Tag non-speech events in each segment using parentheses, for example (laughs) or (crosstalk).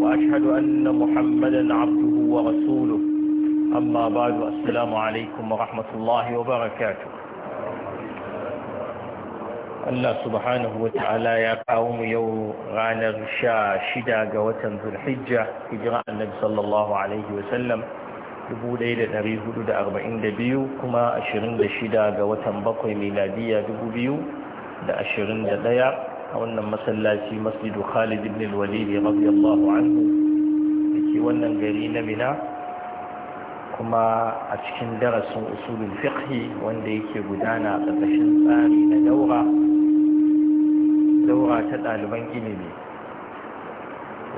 وأشهد أن محمدا عبده ورسوله أما بعد السلام عليكم ورحمة الله وبركاته Allah subhanahu wa ta’ala ya kawo mu yau ranar sha shida ga watan zulhijja hijira annabi sallallahu Alaihi wasallam 1442 kuma 26 ga watan bakwai miladiya 2021 a wannan masallaci masjidu khalid ibn al-walid radiyallahu anhu dake wannan gari na mina kuma a cikin darasin usulul fiqh wanda yake gudana a ƙarƙashin tsari na daura daura ta ɗaliban ilimi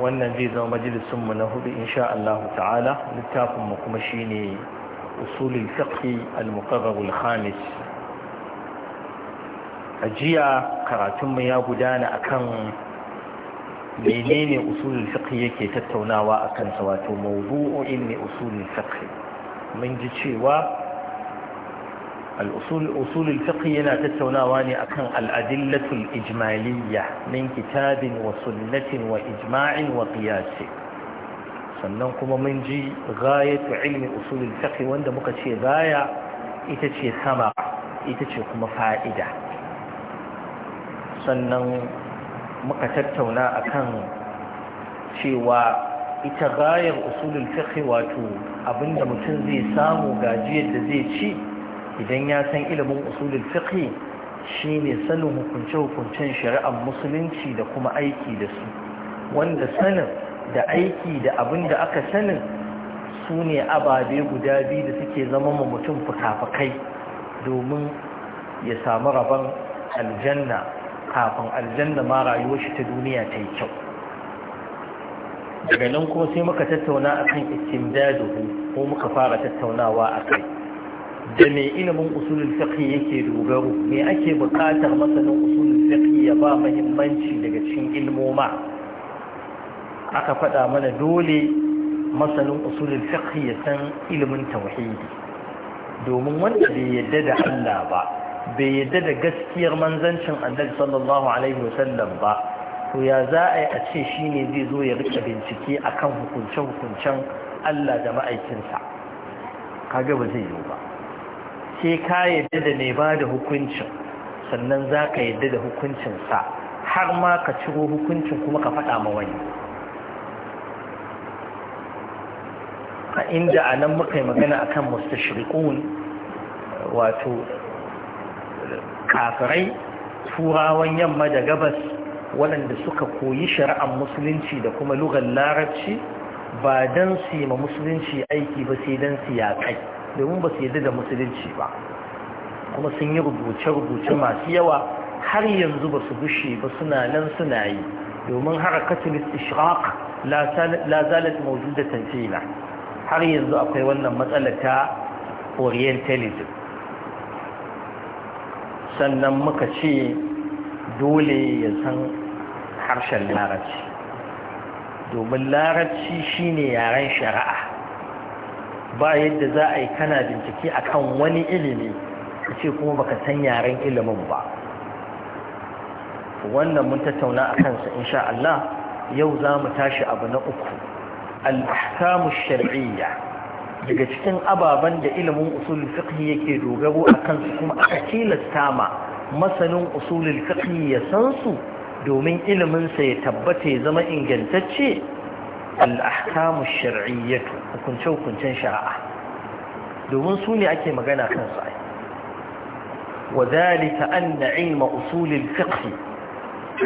wannan zai zama majalisunmu na hudu insha Allah ta'ala littafinmu kuma shine usulul fiqh al-muqarrar al-khamis a jiya mu ya gudana akan menene usulul fiqh yake tattaunawa akan sa wato mawdu'in min usulul fiqh mun ji cewa al usul yana tattaunawa ne akan al adillatul ijmaliyya min kitabin wa sunnatin wa ijma'in wa qiyas sannan kuma mun ji ghayatu ilmi usulul fiqh wanda muka ce gaya ita ce sama ita ce kuma fa'ida sannan muka tattauna a kan cewa ita gayar usulun fiqh wato abinda mutum zai samu gajiyar da zai ci idan ya san ilimin usulun fiqh shine sanin hukunce-hukuncen shari'ar musulunci da kuma aiki da su wanda sanin da aiki da abin da aka sanin su ne ababe guda biyu da suke zama ma mutum fuka-fukai domin ya samu rabon aljanna kafin aljanna ma rayuwar shi ta duniya ta yi kyau daga nan kuma sai muka tattauna a kan istimdaduhu ko muka fara tattaunawa a kai da mai ilimin usulun fiƙi yake dogaro me ake buƙatar masanin usulun fiƙi ya ba mahimmanci daga cikin ilmoma aka faɗa mana dole masanin usulun fiƙi ya san ilimin tauhidi domin wanda bai yadda da Allah ba bai yadda da gaskiyar manzancin annabi sallallahu alaihi wasallam ba to ya za a yi a ce shi ne zai zo ya rika bincike akan hukunce-hukuncen Allah da ma'aikinsa kaga ba zai yi ba sai ka yadda da mai ba da hukuncin sannan za ka yadda da hukuncinsa har ma ka ciro hukuncin kuma ka faɗa ma wani a inda a nan muka yi magana akan mustashriqun wato kafirai turawan yamma da gabas waɗanda suka koyi shari'ar musulunci da kuma lugar larabci ba don su yi ma musulunci aiki ba sai don su kai domin ba su yi da musulunci ba kuma sun yi rubuce-rubuce masu yawa har yanzu ba su gushe ba suna nan suna yi domin harakatul ishraq la zalat da fina har yanzu akwai wannan matsalar ta orientalism sannan muka ce dole ya san harshen larabci domin larabci shine yaren shari'a ba yadda za a yi kana bincike akan wani ilimi ka ce kuma baka san yaren ilimin ba wannan mun tattauna a kansa insha Allah yau za mu tashi abu na uku al-ahkamu shar'iyya daga cikin ababen da ilimin usulul fikhi yake dogaro a kansu kuma aka tilasta ma masanin usulul fiqh ya san su domin ilimin sa ya tabbata ya zama ingantacce al-ahkamu shar'iyyatu hukunce hukuncen shari'a domin su ne ake magana kansu ai وذلك أن علم أصول الفقه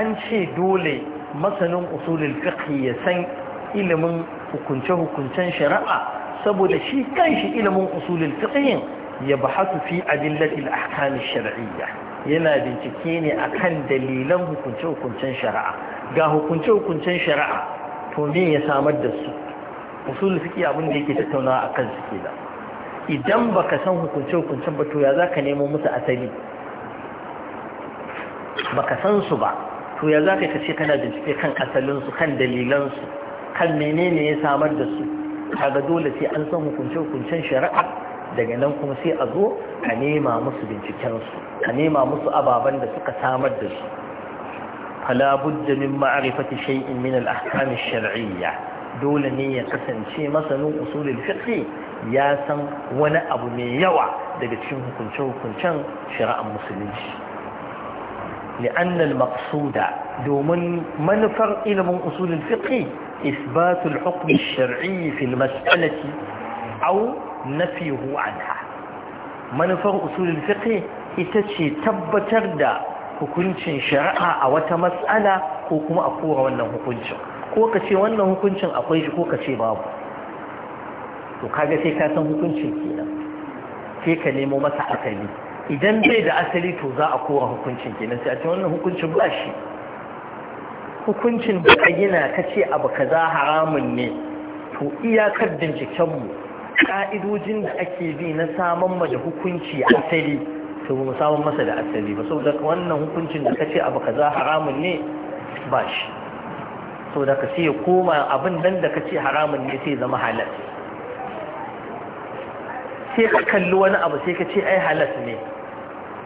an ce dole masanin أصول الفقه ya san ilimin hukunce-hukuncen shari'a? saboda shi kanshi ilimin usulul fiqh ya bahasu fi adillatil ahkam ash-shar'iyya yana bincike ne akan dalilan hukunce hukuncen shari'a ga hukunce hukuncen shari'a to me ya samar da su usulul fiqh abin da yake tattaunawa akan su kenan idan baka san hukunce hukuncen ba to ya zaka nemo musu asali baka san su ba to ya zaka kace kana bincike kan asalin su kan dalilan su kan menene ya samar da su kaga dole sai an san hukunce hukuncen shari'a daga nan kuma sai a zo a nema musu bincikensu a nema musu ababen da suka samar da su fala budda min ma'rifati shay'in min al-ahkam ash-shar'iyya dole ne ya kasance masanin usulul fiqh ya san wani abu mai yawa daga cikin hukunce hukuncen shari'ar musulunci li'anna al-maqsuda domin manufar ilimin usulun fiqh isbatul hukm ash-shar'i fi al-mas'alati aw nafihu anha manufar usulun fiqh ita ce tabbatar da hukuncin shari'a a wata mas'ala ko kuma a kora wannan hukuncin ko ka ce wannan hukuncin akwai shi ko ka ce babu to kaga sai ka san hukuncin kenan sai ka nemo masa asali idan bai da asali to za a kora hukuncin kenan sai a ce wannan hukuncin ba shi hukuncin da ka gina ka ce abu kaza haramun ne to iyakar bincikenmu ƙa'idojin da ake bi na samun ma da hukunci asali to mu samun masa da asali ba Sau da wannan hukuncin da ka ce abu kaza haramun ne ba shi da ka ya koma abin nan da ka ce haramun ne sai zama halal sai ka kalli wani abu sai ka ce ai halas ne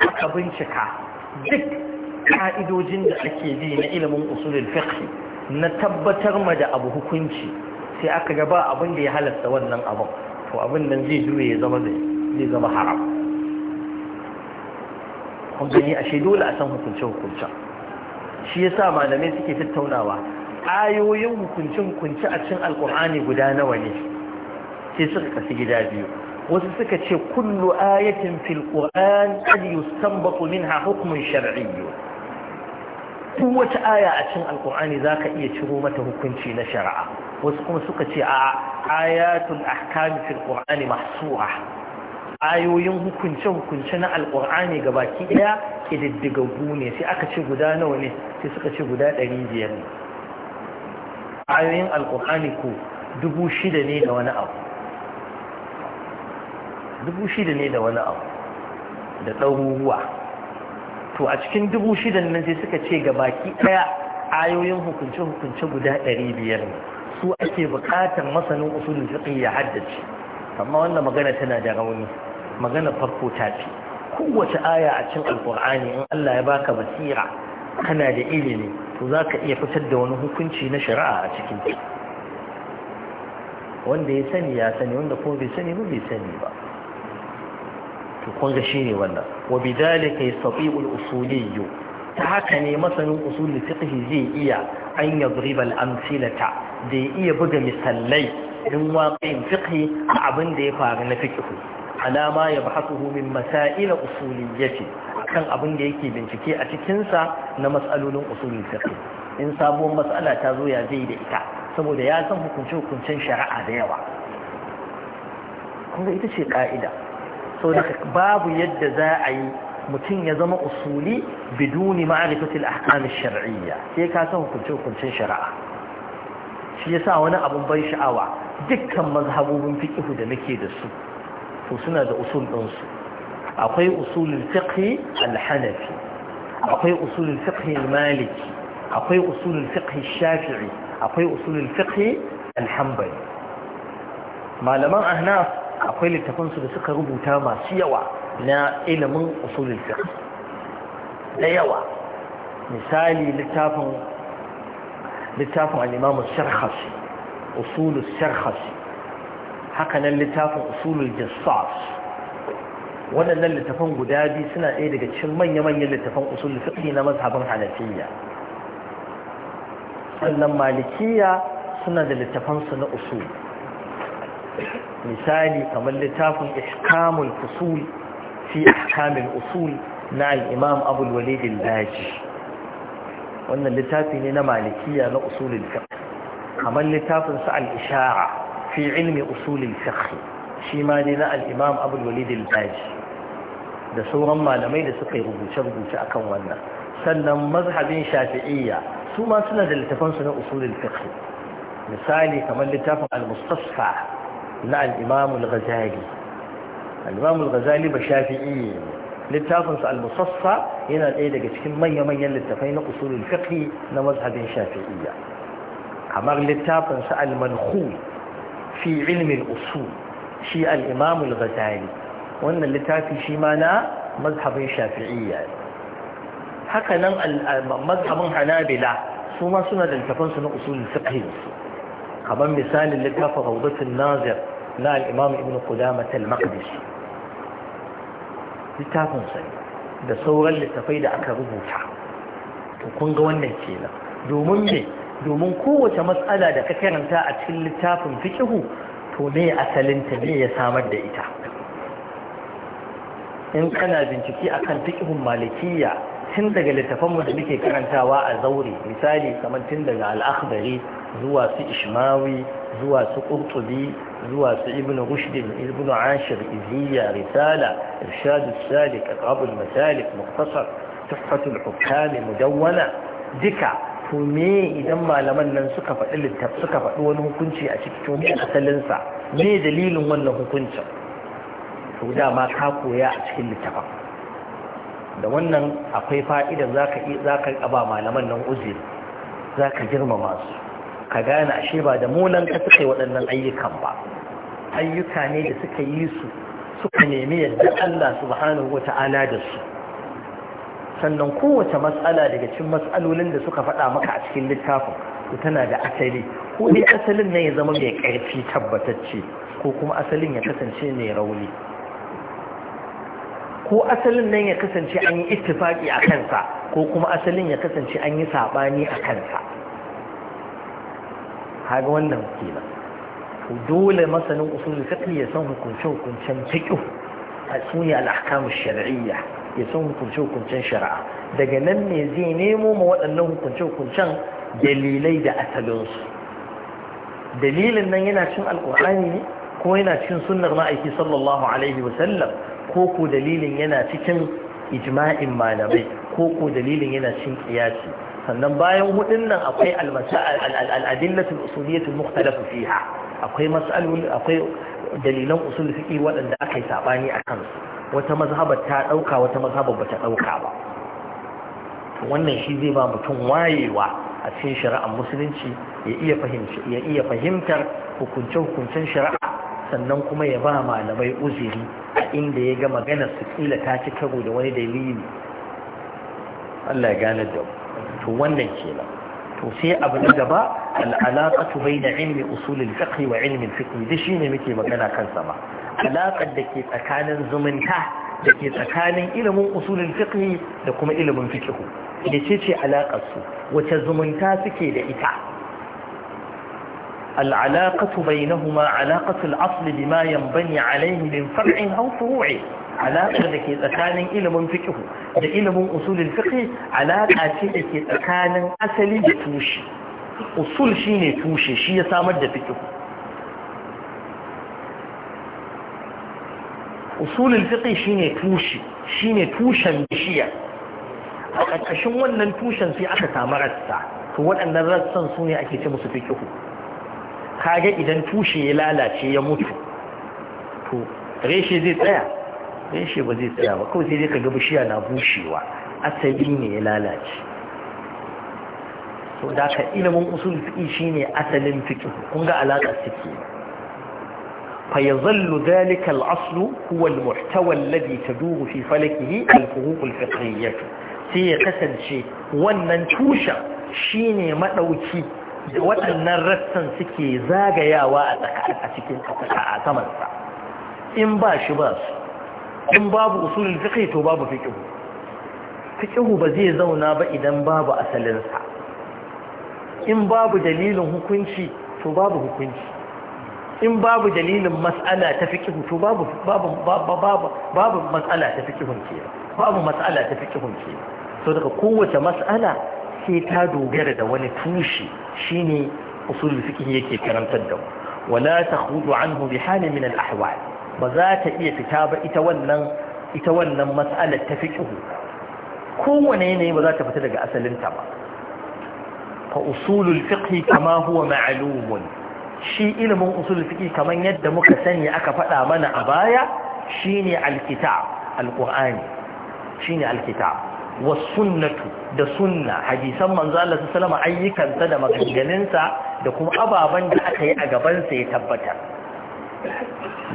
aka bincika duk ka'idojin da ake bi na ilimin usulul fiqh na tabbatar ma da abu hukunci sai aka ga ba abin da ya halasta wannan abin to abin nan zai juye ya zama zai zama haram kun gani ashe dole a san hukunce hukunce shi yasa malamai suke tattaunawa ayoyin hukunce hukunce a cikin alkur'ani guda nawa ne sai suka kasu gida biyu wasu suka ce kullu ayatin fil qur'an qad yustanbatu minha hukmun shar'iyyun duk wata aya a cikin alkur'ani zaka iya ciro mata hukunci na shari'a wasu kuma suka ce a ayatul ahkam fil qur'ani mahsura ayoyin hukunce hukunce na alkur'ani gabaki daya kididdiga ne sai aka ce guda nawa ne sai suka ce guda 500 ne ayoyin alkur'ani ko dubu shida ne da wani abu dubu shida ne da wani abu da ɗaruruwa to a cikin dubu shidan nan sai suka ce ga baki ɗaya ayoyin hukunce-hukunce guda ɗari biyar ne su ake bukatar masanin usulun fiqh ya haddace amma wannan magana tana da rauni magana farko ta ce kowace aya a cikin alkur'ani in Allah ya baka basira kana da ilimi to zaka iya fitar da wani hukunci na shari'a a cikin ta wanda ya sani ya sani wanda ko bai sani ba bai sani ba to kun ga shine wannan وبذلك يستطيع الأصولي تهكني مثلا أصول الفقه زي إيا أن يضرب الأمثلة دي إيا بقى مثلي من واقع فقه أبن دي فارن فقه على ما يبحثه من مسائل أصوليته كان أبن دي كي بنتكي أتكنسا نمسألون أصول الفقه in sabuwar matsala ta zo ya zai da ita saboda ya san hukunce-hukuncen shari'a da yawa kuma ita ce ka'ida sau da babu yadda za a yi mutum ya zama usuli biduni ma'arifatul ahkam shar'iyya sai ka san hukunce hukuncin shari'a shi yasa wani abun ban sha'awa dukkan mazhabobin fiqh da nake da su to suna da usul din su akwai usulul fiqh al-hanafi akwai usulul fiqh al-maliki akwai usulul fiqh shafii akwai usulul fiqh al-hanbali malaman ahnaf akwai littafansu da suka rubuta masu yawa na ilimin usulul fiqh da yawa misali littafin littafin al-Imam al-Sharhasi usulul littafin usulul jassas waɗannan littafan guda biyu suna ɗaya daga cikin manya-manyan littafan usulul fiqh na mazhabin Hanafiyya sannan Malikiyya suna da littafansu na usul misali kamar littafin ihkamul fusul fi ihkamul usul na al-imam Abu al-Walid al-Baji wannan littafi ne na malikiya na usulul fiqh kamar littafin sa al-ishara fi ilmi usulul fiqh shi ma dai na al-imam Abu al-Walid al daji da sauran malamai da suka yi rubuce-rubuce akan wannan sannan mazhabin shafi'iyya su ma suna da littafansu na usulul fiqh misali kamar littafin al-mustasfa na al-imam al-ghazali ba shafi'i ne littafinsa al-musaffa yana ɗaya daga cikin manya manyan littafai na usulul fiqh na mazhabin shafi'iyya kamar littafinsa sa al-mankhul fi ilmi usul shi al-imam wannan littafi shi ma na mazhabin shafi'iyya haka nan mazhabin hanabila su ma suna da littafansu na usulul fiqh kamar misalin littafin raudatun nazir na al'imam ibn qudamah al maqdis littafin sai da sauran littafai da aka rubuta to kun ga wannan kenan domin ne domin kowace matsala da ka karanta a cikin littafin fikihu to ne asalinta ne ya samar da ita in kana bincike akan fiqhun malikiyya tun daga littafanmu da muke karantawa a zaure misali kamar tun daga al'akhbari zuwa su ishmawi zuwa su qurtubi zuwa su ibn rushd ibn ashir iziya risala irshad salik aqab al-masalik mukhtasar tuhfat al mudawwana duka to me idan malaman nan suka faɗi littaf suka faɗi wani hukunci a cikin to me asalin sa me dalilin wannan hukuncin to dama ka koya a cikin littafin da wannan akwai fa'idan za ka ba malaman nan uzir za ka girmama su ka gane ashe ba da munan ka suka yi waɗannan ayyukan ba ayyuka ne da suka yi su suka nemi yadda Allah subhanahu Ta'ala da su sannan kowace matsala daga cin matsalolin da suka faɗa maka a cikin littafin tana da asali ko dai asalin ne ya zama mai ƙarfi tabbatacce ko kuma asalin ya kasance mai rauni ko asalin nan ya kasance an yi ittifaki a kansa ko kuma asalin ya kasance an yi saɓani a kansa haga wannan kenan dole masanin usulul fiqh ya san hukunce hukuncen fiqh a sune al-ahkam shariyya ya san hukunce hukuncen shari'a daga nan ne zai nemo ma waɗannan hukunce hukuncen dalilai da asalinsu dalilin nan yana cin alƙur'ani ne ko yana cin sunnar ma'aiki sallallahu alaihi wa sallam ko ko dalilin yana cikin ijma'in malamai ko ko dalilin yana cikin kiyasi sannan bayan hudun nan akwai al'adillatul usuliyatul mukhtalafu fiha akwai mas'alul akwai dalilan usul fiqi waɗanda aka yi sabani a kansu wata mazhabar ta dauka wata mazhabar bata dauka ba wannan shi zai ba mutum wayewa a cikin shari'ar musulunci ya iya fahimtar hukunce-hukuncen shari'a sannan kuma ya ba malamai uziri a inda ya ga magana su kila ta ci karo da wani dalili Allah ya gane da to wannan ke kenan to sai abu na gaba al'alaƙatu bai da ilmi usulul fiqh wa ilimin fiqh da shi ne muke magana sa ba alaƙar da ke tsakanin zumunta da ke tsakanin ilimin usulul fiqh da kuma ilimin fiqh da ce ce alaƙar su wace zumunta suke da ita العلاقة بينهما علاقة الأصل بما ينبني عليه من فرع أو فروع علاقة لكي تكان إلم فكه من أصول الفقه علاقة لكي تكان أسلي بتوش أصول شيني توش شي يسامد فكه أصول الفقه شيني توش شيني توشا بشيا أشون ونن توشا في أكتا مرسا فوالأن الرسل سوني أكي تمس Ka kage idan tushe ya lalace ya mutu to reshe zai tsaya ba zai tsaya ba kawai sai zai kaga bishiya na bushewa asali ne ya lalace to da ka ilimin usul fiki shine asalin fiki kun ga alaka suke fayazallu dalika al-asl huwa al-muhtawa alladhi taduru fi falakihi al-fuquq al-fiqhiyyah sai ya kasance wannan tushen shine maɗauki. da waɗannan rassan suke zagayawa a cikin a samansa in ba shi ba su in babu usulul fiqh to babu fiqh fiqh ba zai zauna ba idan babu asalinsa in babu dalilin hukunci to babu hukunci in babu dalilin mas'ala ta fiqh to babu babu mas'ala ta fiqh ke babu mas'ala ta fiqh ke so daga kowace mas'ala sai ta dogara da wani tushe Shin usul fiqh yake karantar da wala hudu anhu bi halin min al ba za ta iya fita ba ita wannan ita wannan mas'alar ta fiqh kowane yanayi ba za ta fita daga asalinta ba fa usulul fiqh kama huwa ma'lum shi ilimin usulul fiqh kaman yadda muka sani aka faɗa mana a baya shine alkitab alqur'ani shine alkitab wasunnatu da sunna hadisan manzo Allah sallallahu ayyukansa da maganganunsa da kuma ababan da aka yi a gabansa ya tabbata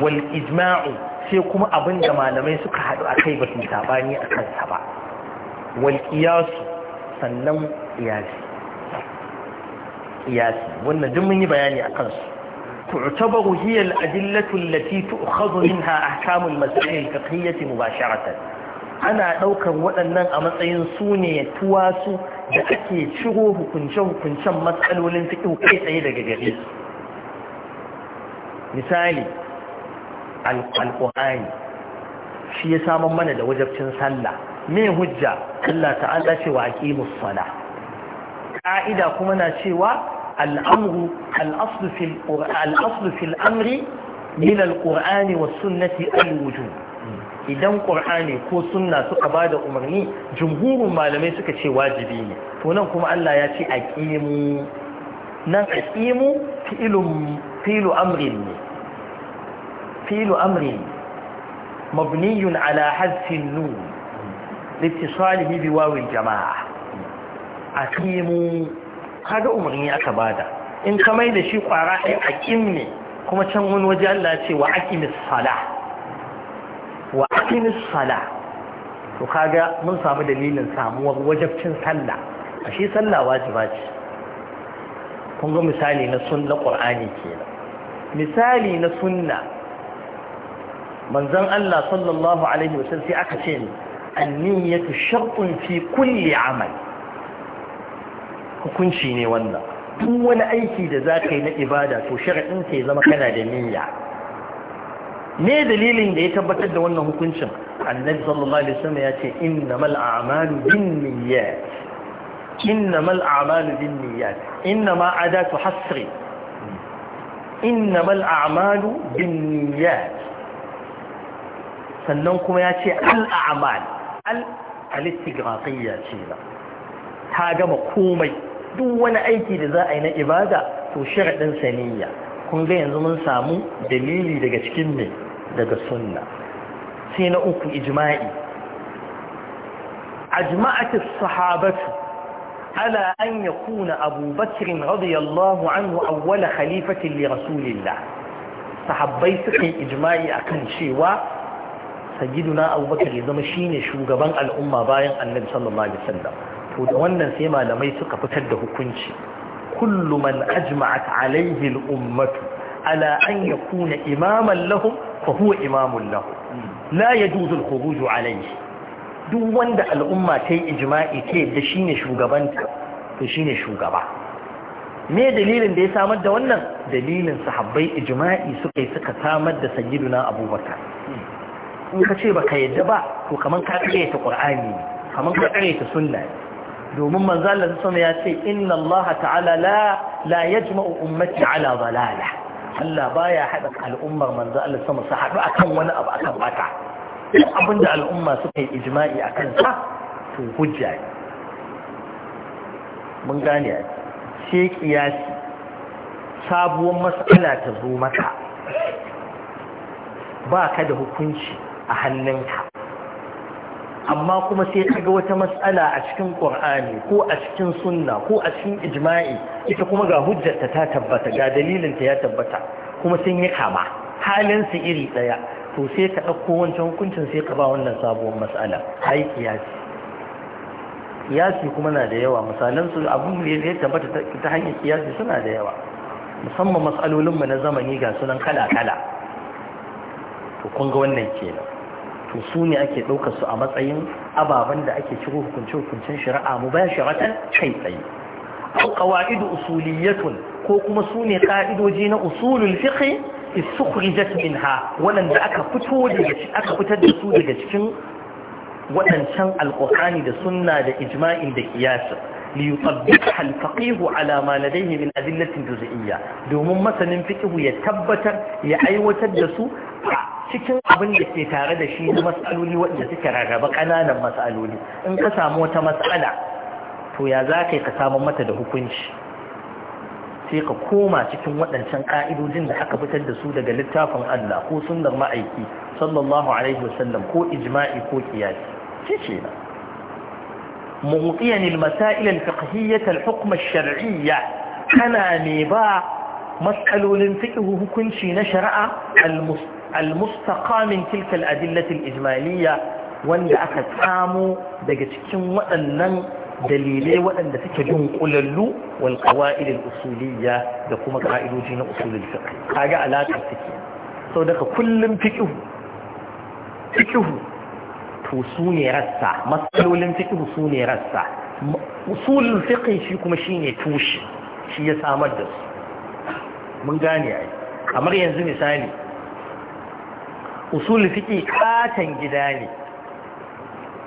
wal ijma'u sai kuma abin da malamai suka haɗu akai ba su sabani a kansa ba wal qiyas sannan qiyasi qiyasi wannan duk mun yi bayani akan su تعتبر هي الأدلة التي تؤخذ منها أحكام المسائل الفقهية مباشرة ana ɗaukar waɗannan a matsayin su ne tuwasu da ake ciro hukunce-hukuncen matsalolin fiƙin kai tsaye daga gare su misali alƙuhani shi ya samun mana da wajabcin sallah mai hujja Allah ta'ala cewa aqimus sala ka'ida kuma na cewa al'amru amri min al-qur'ani was sunnati al idan ƙur'ani ko sunna suka ba da umarni jumhurin malamai suka ce wajibi ne to nan kuma Allah ya ce aqimu nan aqimu fi'lun fi'lu amrin ne fi'lu amrin mabniyun ala hadfi nun litisalihi bi wawil jama'a aqimu kaga umarni aka bada in ka mai da shi ƙwara a aqim ne kuma can wani waje Allah ya ce wa aqimis salah wa aqimis sala to kaga mun samu dalilin samuwar wajabcin sallah a shi sallah wajiba ce kun ga misali na sunna qur'ani kenan misali na sunna manzon Allah sallallahu alaihi wasallam sai aka ce ni an-niyyatu shartun fi kulli amal hukunci ne wannan duk wani aiki da zaka yi na ibada to shar'in sai zama kana da niyya ne dalilin da ya tabbatar da wannan hukuncin annabi sallallahu alaihi wasallam ya ce innamal a'malu binniyat innamal a'malu binniyat innama adatu hasri innamal a'malu binniyat sannan kuma ya ce al a'mal al al-istighafiyya ce ba ta gama komai duk wani aiki da za a yi na ibada to sharadin saniyya kun ga yanzu mun samu dalili daga cikin mai daga sunna sai na uku ijma'i ajma'atu sahabatu ala an yakuna Abu radiyallahu anhu awwal khalifati li rasulillah sahabbai suka ijma'i akan cewa sayyiduna Abu ya zama shine shugaban al'umma bayan Annabi sallallahu alaihi wasallam to da wannan sai malamai suka fitar da hukunci kullu man ajma'at alaihi al-ummatu ala an yakuna imaman lahum فهو إمام له لا يجوز الخروج عليه duk wanda al'umma ta yi ijma'i ce da shi ne shugabanta to shi ne shugaba me dalilin da ya samar da wannan dalilin sahabbai ijma'i suka yi suka samar da sayyiduna abubakar in ka ce baka yadda ba to kaman ka ta qur'ani kaman ka ta sunna domin manzo Allah ya ce inna Allah ta'ala la la yajma'u ummati ala dalalah Allah baya haɗa al'ummar manzo Allah sama su haɗu akan wani abu akan bata duk abin da al'umma suka yi ijma'i akan sa to hujja ne mun gane a ce kiyasi sabuwar mas'ala ta zo maka ba ka da hukunci a hannunka amma kuma sai kaga wata mas'ala a cikin qur'ani ko a cikin sunna ko a cikin ijma'i ita kuma ga hujjarta ta tabbata ga dalilin ta ya tabbata kuma sun yi kama halin su iri daya to sai ka dauko wancan hukuncin sai ka ba wannan sabuwar mas'ala. ai kiyasi kiyasi kuma na da yawa misalan su abun da ya tabbata ta hanyar kiyasi suna da yawa musamman matsalolin mu na zamani ga sunan kala kala to kun ga wannan kenan to su ne ake ɗaukar su a matsayin ababen da ake ciro hukunce-hukuncen shari'a mu ba shari'atan kai tsaye ko qawaidu usuliyatun ko kuma su ne ka'idoji na usulul fiqh istukhrijat minha wanda aka fito daga aka fitar da su daga cikin waɗancan alqur'ani da sunna da ijma'in da qiyas li yutabbiqha al ala ma ladayhi min adillatin juz'iyya domin masanin fiqh ya tabbatar ya aiwatar da su a cikin abin da ke tare da shi na matsaloli waɗanda suke rarraba ƙananan matsaloli in ka samu wata matsala to ya za ka yi ka samun mata da hukunci sai ka koma cikin waɗancan ƙa'idojin da aka fitar da su daga littafin Allah ko sunnar ma'aiki sallallahu alaihi wasallam ko ijma'i ko kiyasi shi ce na mu'tiyan al-masail al-fiqhiyyah kana ne ba matsalolin fiqh hukunci na shari'a al al-mustaqa min tilka al ijmaliyya wanda aka samo daga cikin waɗannan dalilai waɗanda suke dunkulallu wal qawaid al da kuma ka'idoji na usulul fiqh kaga alaƙar take so daga kullum fiqh fiqh to su ne rassa matsalolin fiqh su ne rassa usulul fiqh shi kuma shine tushe shi ya samar da su mun gane ai kamar yanzu misali usul fiƙi katon gida ne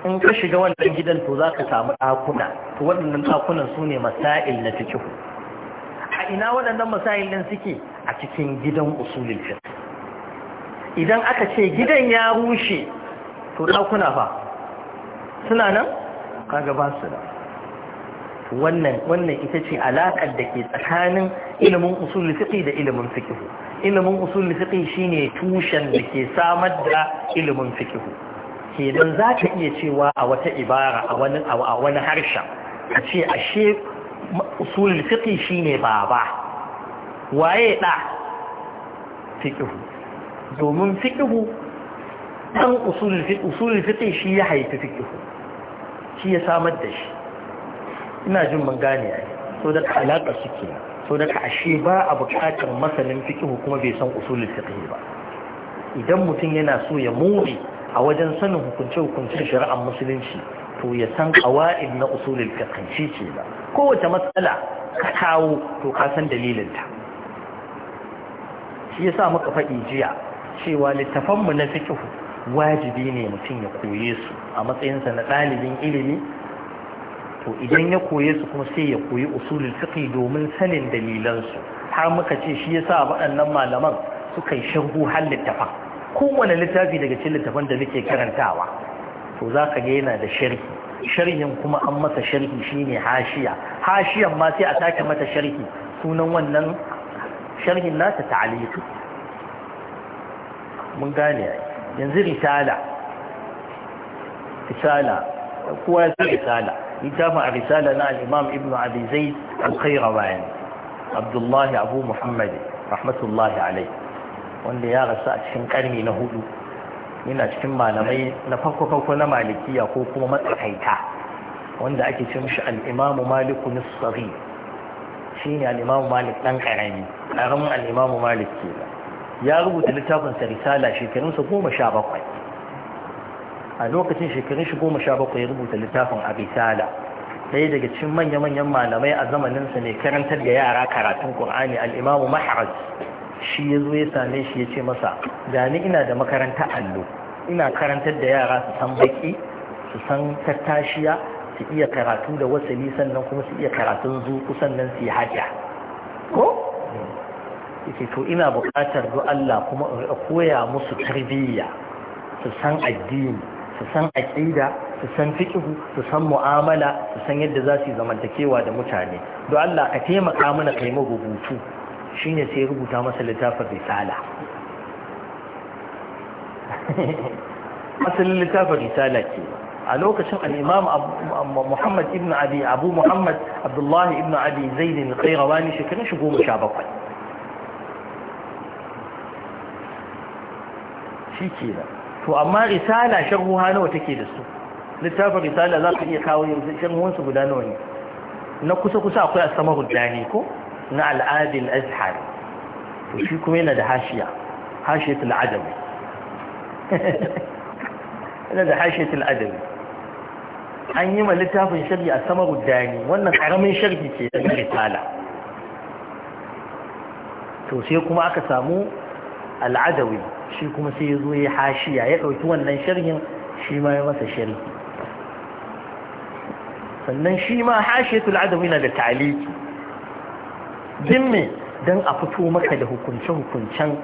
in ka shiga wannan gidan to za ka samu ɗakuna to waɗannan ɗakunan su ne masa'il na fiƙi a ina waɗannan masa'il ɗin suke a cikin gidan usulul fiƙi idan aka ce gidan ya rushe to ɗakuna fa suna nan kaga ba su da wannan wannan ita ce alaƙar da ke tsakanin ilimin usul fiqh da ilimin fiqh ilimin usul fiqh shine tushen da ke samar da ilimin fiqh kenan za ka iya cewa a wata ibara a wani a wani harshen a ce ashe usul fiqh shine baba waye da fiqh domin fiqh dan usul fiqh usul fiqh shi ya haifi fiqh shi ya samar da shi ina jin mun gane ai so da alaka suke so da ashe ba a bukatar masanin fiƙihu kuma bai san usulul fiqh ba idan mutum yana so ya more a wajen sanin hukunce hukuncin shari'ar musulunci to ya san qawaid na usulul fiqh shi ce ba kowace matsala ka kawo to ka san dalilin ta shi yasa muka faɗi jiya cewa littafanmu na fiqh wajibi ne mutum ya koye su a matsayinsa na ɗalibin ilimi to idan ya koye su kuma sai ya koyi usulul domin sanin dalilan su har muka ce shi yasa waɗannan malaman suka yi sharhu hal littafin kowane littafi daga cikin littafin da muke karantawa to zaka ga yana da sharhi sharhin kuma an masa sharhi shine hashiya hashiyan ma sai a sake mata sharhi sunan wannan sharhin nasa ta'aliku mun gane yanzu risala risala kowa ya risala littafin a risala na al'imam ibn abizai alkhaira bayan abdullahi abu muhammad rahmatullahi alai wanda ya rasu a cikin karni na hudu yana cikin malamai na farko-farko na malikiya ko kuma matsakaita wanda ake ce mishi al'imamu maliku nisari shi ne al'imamu malik ɗan ƙarami karamin al'imamu malik ke ya rubuta littafinsa risala shekarunsa goma sha bakwai a lokacin shekarun shi goma sha bakwai ya rubuta littafin abisala ɗaya daga cikin manya-manyan malamai a zamaninsa ne karantar da yara karatun ƙur'ani al'imamu mahraj shi ya zo ya same shi ya ce masa gani ina da makaranta allo ina karantar da yara su san baki su san tattashiya su iya karatu da wasali sannan kuma su iya karatun zuku sannan su yi hajja ko yake to ina buƙatar do Allah kuma in koya musu tarbiyya su san addini su san aƙida su san fiƙihu su san mu'amala su san yadda za su yi zamantakewa da mutane don Allah ka taimaka mana kai mu rubutu shine sai rubuta masa littafin risala (laughs) asalin littafin risala ke a lokacin Al-imam muhammad ibn abi abu muhammad abdullahi ibn abi zaidin kairawani shekarun shi goma sha bakwai to amma risala sharhuha nawa take da su littafin risala za ka iya kawo yanzu sharhuwansu guda nawa ne na kusa-kusa akwai a sama hudani ko na al'adil azhar to shi kuma yana da hashiya hashiyatul adabi (laughs) yana da hashiyatul adabi an yi ma littafin sharhi a sama hudani wannan karamin sharhi ke da risala to sai kuma aka samu al'adawi shi kuma sai ya zo ya hashiya ya ɗauki wannan sharhin shi ma ya masa sharhi sannan shi ma hashiyatul adawi na da taliki din don a fito maka da hukunce-hukuncen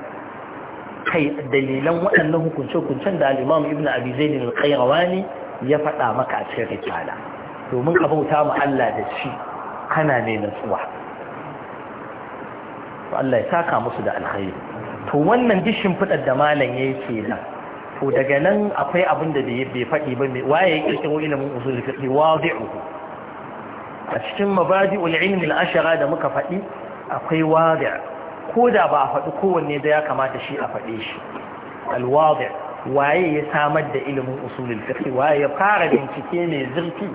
kai dalilan waɗannan hukunce-hukuncen da al'imam ibn abi zaidin al ya faɗa maka a cikin risala domin ka bauta ma Allah da shi kana ne natsuwa Allah ya saka musu da alkhairi to wannan dishin shimfiɗar da malam ya yi nan to daga nan akwai abin da bai faɗi ba mai waye ya kirkiro ilimin usul fiqh wadi'u a cikin mabadi'ul ilmi al-ashara da muka faɗi akwai wadi' ko da ba a faɗi kowanne da ya kamata shi a faɗe shi al-wadi' waye ya samar da ilimin usul fiqh waye ya fara bincike mai zurfi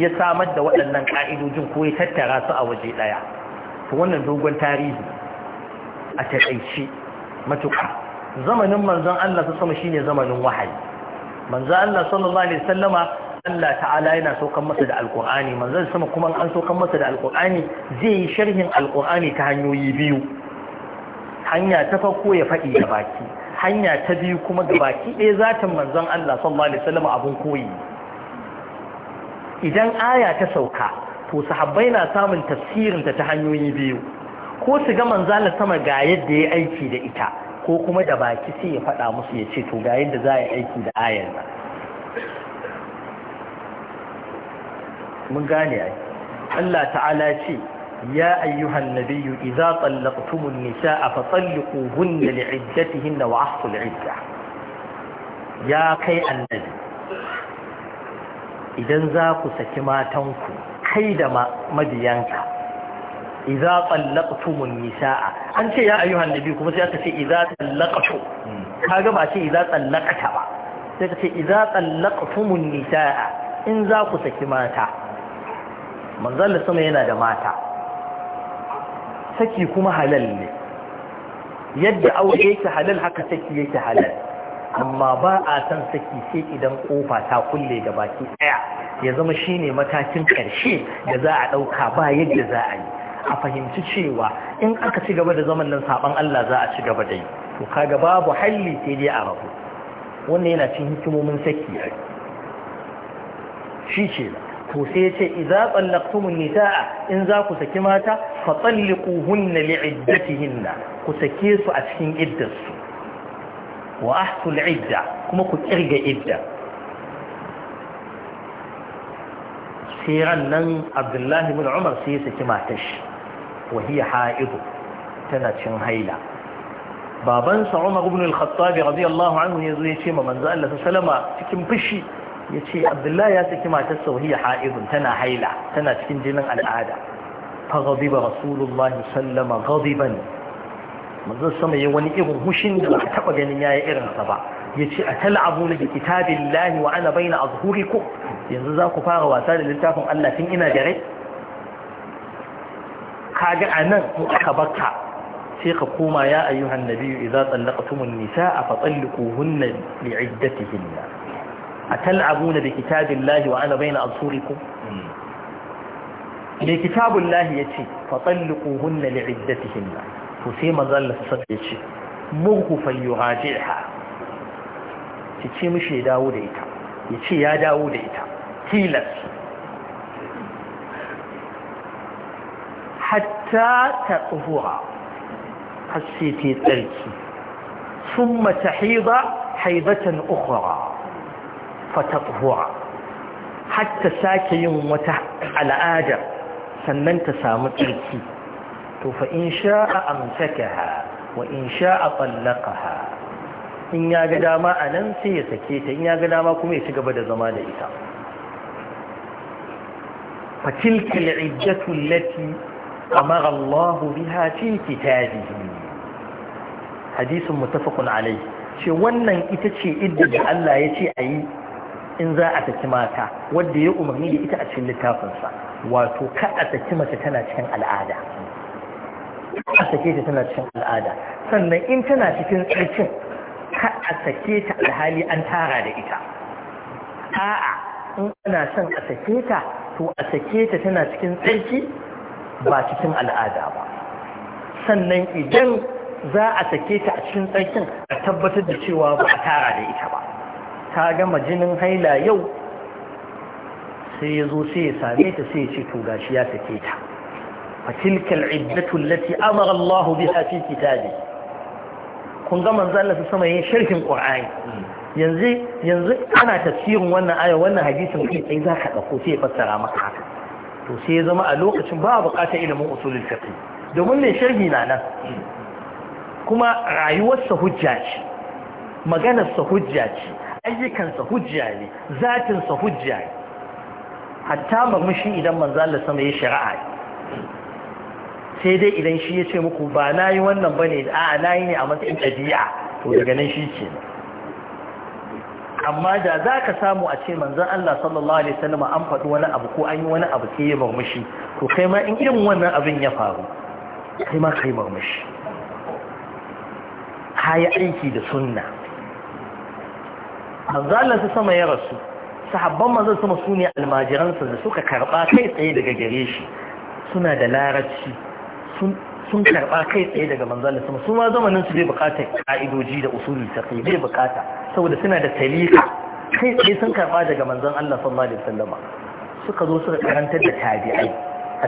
ya samar da waɗannan ƙa'idojin ko ya tattara su a waje ɗaya to wannan dogon tarihi a taƙaice matuƙa zamanin manzon Allah ta sama shine zamanin wahayi manzon Allah sallallahu alaihi wasallama Allah ta'ala yana saukan masa da alƙur'ani manzon sama kuma an saukan masa da alƙur'ani zai yi sharhin alƙur'ani ta hanyoyi biyu hanya ta farko ya faɗi da baki hanya ta biyu kuma da baki ɗaya zatin manzon Allah sallallahu alaihi wasallama abun koyi idan aya ta sauka to sahabbai na samun tafsirinta ta hanyoyi biyu ko su ga manzala sama ga yadda ya aiki da ita ko kuma da baki sai ya faɗa musu ya ce to ga yadda za a aiki da ayar nan mun gane ai Allah ta'ala ce ya ayyuhan nabiyyu idza tallaqtumun nisaa fa talliquhunna li'iddatihinna wa ahsul iddah ya kai annabi idan za ku saki matanku kai da mabiyanka idza tallaqtumun nisaa an ce ya ayyuhan nabi kuma sai aka ce idza tallaqtu kaga ba ce idza tallaqta ba sai ka ce idza tallaqtumun nisaa in za ku saki mata manzon sama yana da mata saki kuma halal ne yadda aure yake halal haka saki yake halal amma ba a san saki sai idan kofa ta kulle ga baki ɗaya. ya zama shine matakin ƙarshe da za a ɗauka ba yadda za a yi a fahimci cewa in aka ci gaba da zaman nan saban Allah za a ci gaba da yi to kaga babu halli sai dai a rabu wannan yana cin hikimomin saki shi ce to sai yace idza tsallaqtumun nisaa in za ku saki mata fa talliquhunna li'iddatihinna ku sake su a cikin iddarsu wa ahsul idda kuma ku kirga idda siran nan abdullahi bin umar sai ya saki matar shi wa ha'idu tana cin haila babansa Umar ibn al-Khattab radiyallahu anhu yazo ya ce ma manzo Allah sallama cikin fushi yace abdullahi ya saki matarsa wa hiya ha'idun tana haila tana cikin jinin al'ada fa ghadiba rasulullahi sallama ghadiban manzo sama ya wani irin hushin da ba taba ganin yayi irin sa ba yace atal'abuna bi kitabillahi wa ana baina azhurikum yanzu za ku fara wasa da littafin Allah tun ina da rai kaga nan in aka baka sai ka koma ya ayyuhan nabiyyu idza tsallaqtumun nisaa fa talliquhunna li'iddatihinna atal'abuna bi kitabillahi wa ana bayna absurikum ne hmm. kitabullahi yace fa talliquhunna li'iddatihinna to sai manzo Allah sai yace murhu falyuraji'ha ki ce mishi ya dawo da ita ya ce ya dawo da ita tilas hatta ta har sai ta tsarki sun mata haiba haibatan ukura fata tsuhura hatta sake yin wata al'ada sannan ta samu tsarki to fa in sha'a amsakaha wa in sha'a tsallakaha in ya ga dama a nan sai ya sake ta in ya ga dama kuma ya ci gaba da zama da ita tilka العدة التي أمر الله بها في كتابه حديث متفق عليه ce wannan ita ce idda da Allah ya ce ayi in za a saki mata wadda ya umarni da ita a cikin littafinsa wato ka a saki mace tana cikin al'ada a sake ta tana cikin al'ada sannan in tana cikin tsarkin ka a sake ta alhali an tara da ita a'a in ana son a sake ta to a sake ta tana cikin tsarki ba cikin al'ada ba sannan idan za a sake ta a cikin tsarkin a tabbatar da cewa ba a tara da ita ba ta gama jinin haila yau sai ya zo sai ya same ta sai ya ce to gashi ya sake ta fatilka al'iddatu allati amara Allah biha fi kitabi kun ga manzo Allah sama yayin sharhin Qur'ani yanzu yanzu ana tafsirin wannan aya wannan hadisin kai za zaka dauko sai fassara maka haka to sai ya zama a lokacin ba a bukatar ilimin usulul fiqh domin mai sharhi na nan kuma rayuwarsa hujja ce maganarsa hujja ce ayyukansa hujja ne zatinsa hujja ne hatta murmushi idan manzo Allah sama ya shari'a sai dai idan shi ya ce muku ba nayi wannan ba bane a'a nayi ne a matsayin tabi'a to daga nan shi kenan amma da za ka samu a ce manzan Allah sallallahu Alaihi wasallam an faɗi wani abu ko an yi wani abu ke yi murmushi to kai ma in irin wannan abin ya faru kai ma kai murmushi yi aiki da sunna manzan Allah su sama ya rasu sahabban manzan sama su ne almajiransa da suka karɓa kai tsaye daga gare shi suna da larabci sun karɓa kai tsaye daga manzan Allah sama su ma zamanin su bai bukatar ka'idoji da usuli ta bai bukata saboda suna da talika kai tsaye sun karɓa daga manzon Allah sallallahu alaihi wasallama suka zo suka karantar da tabi'ai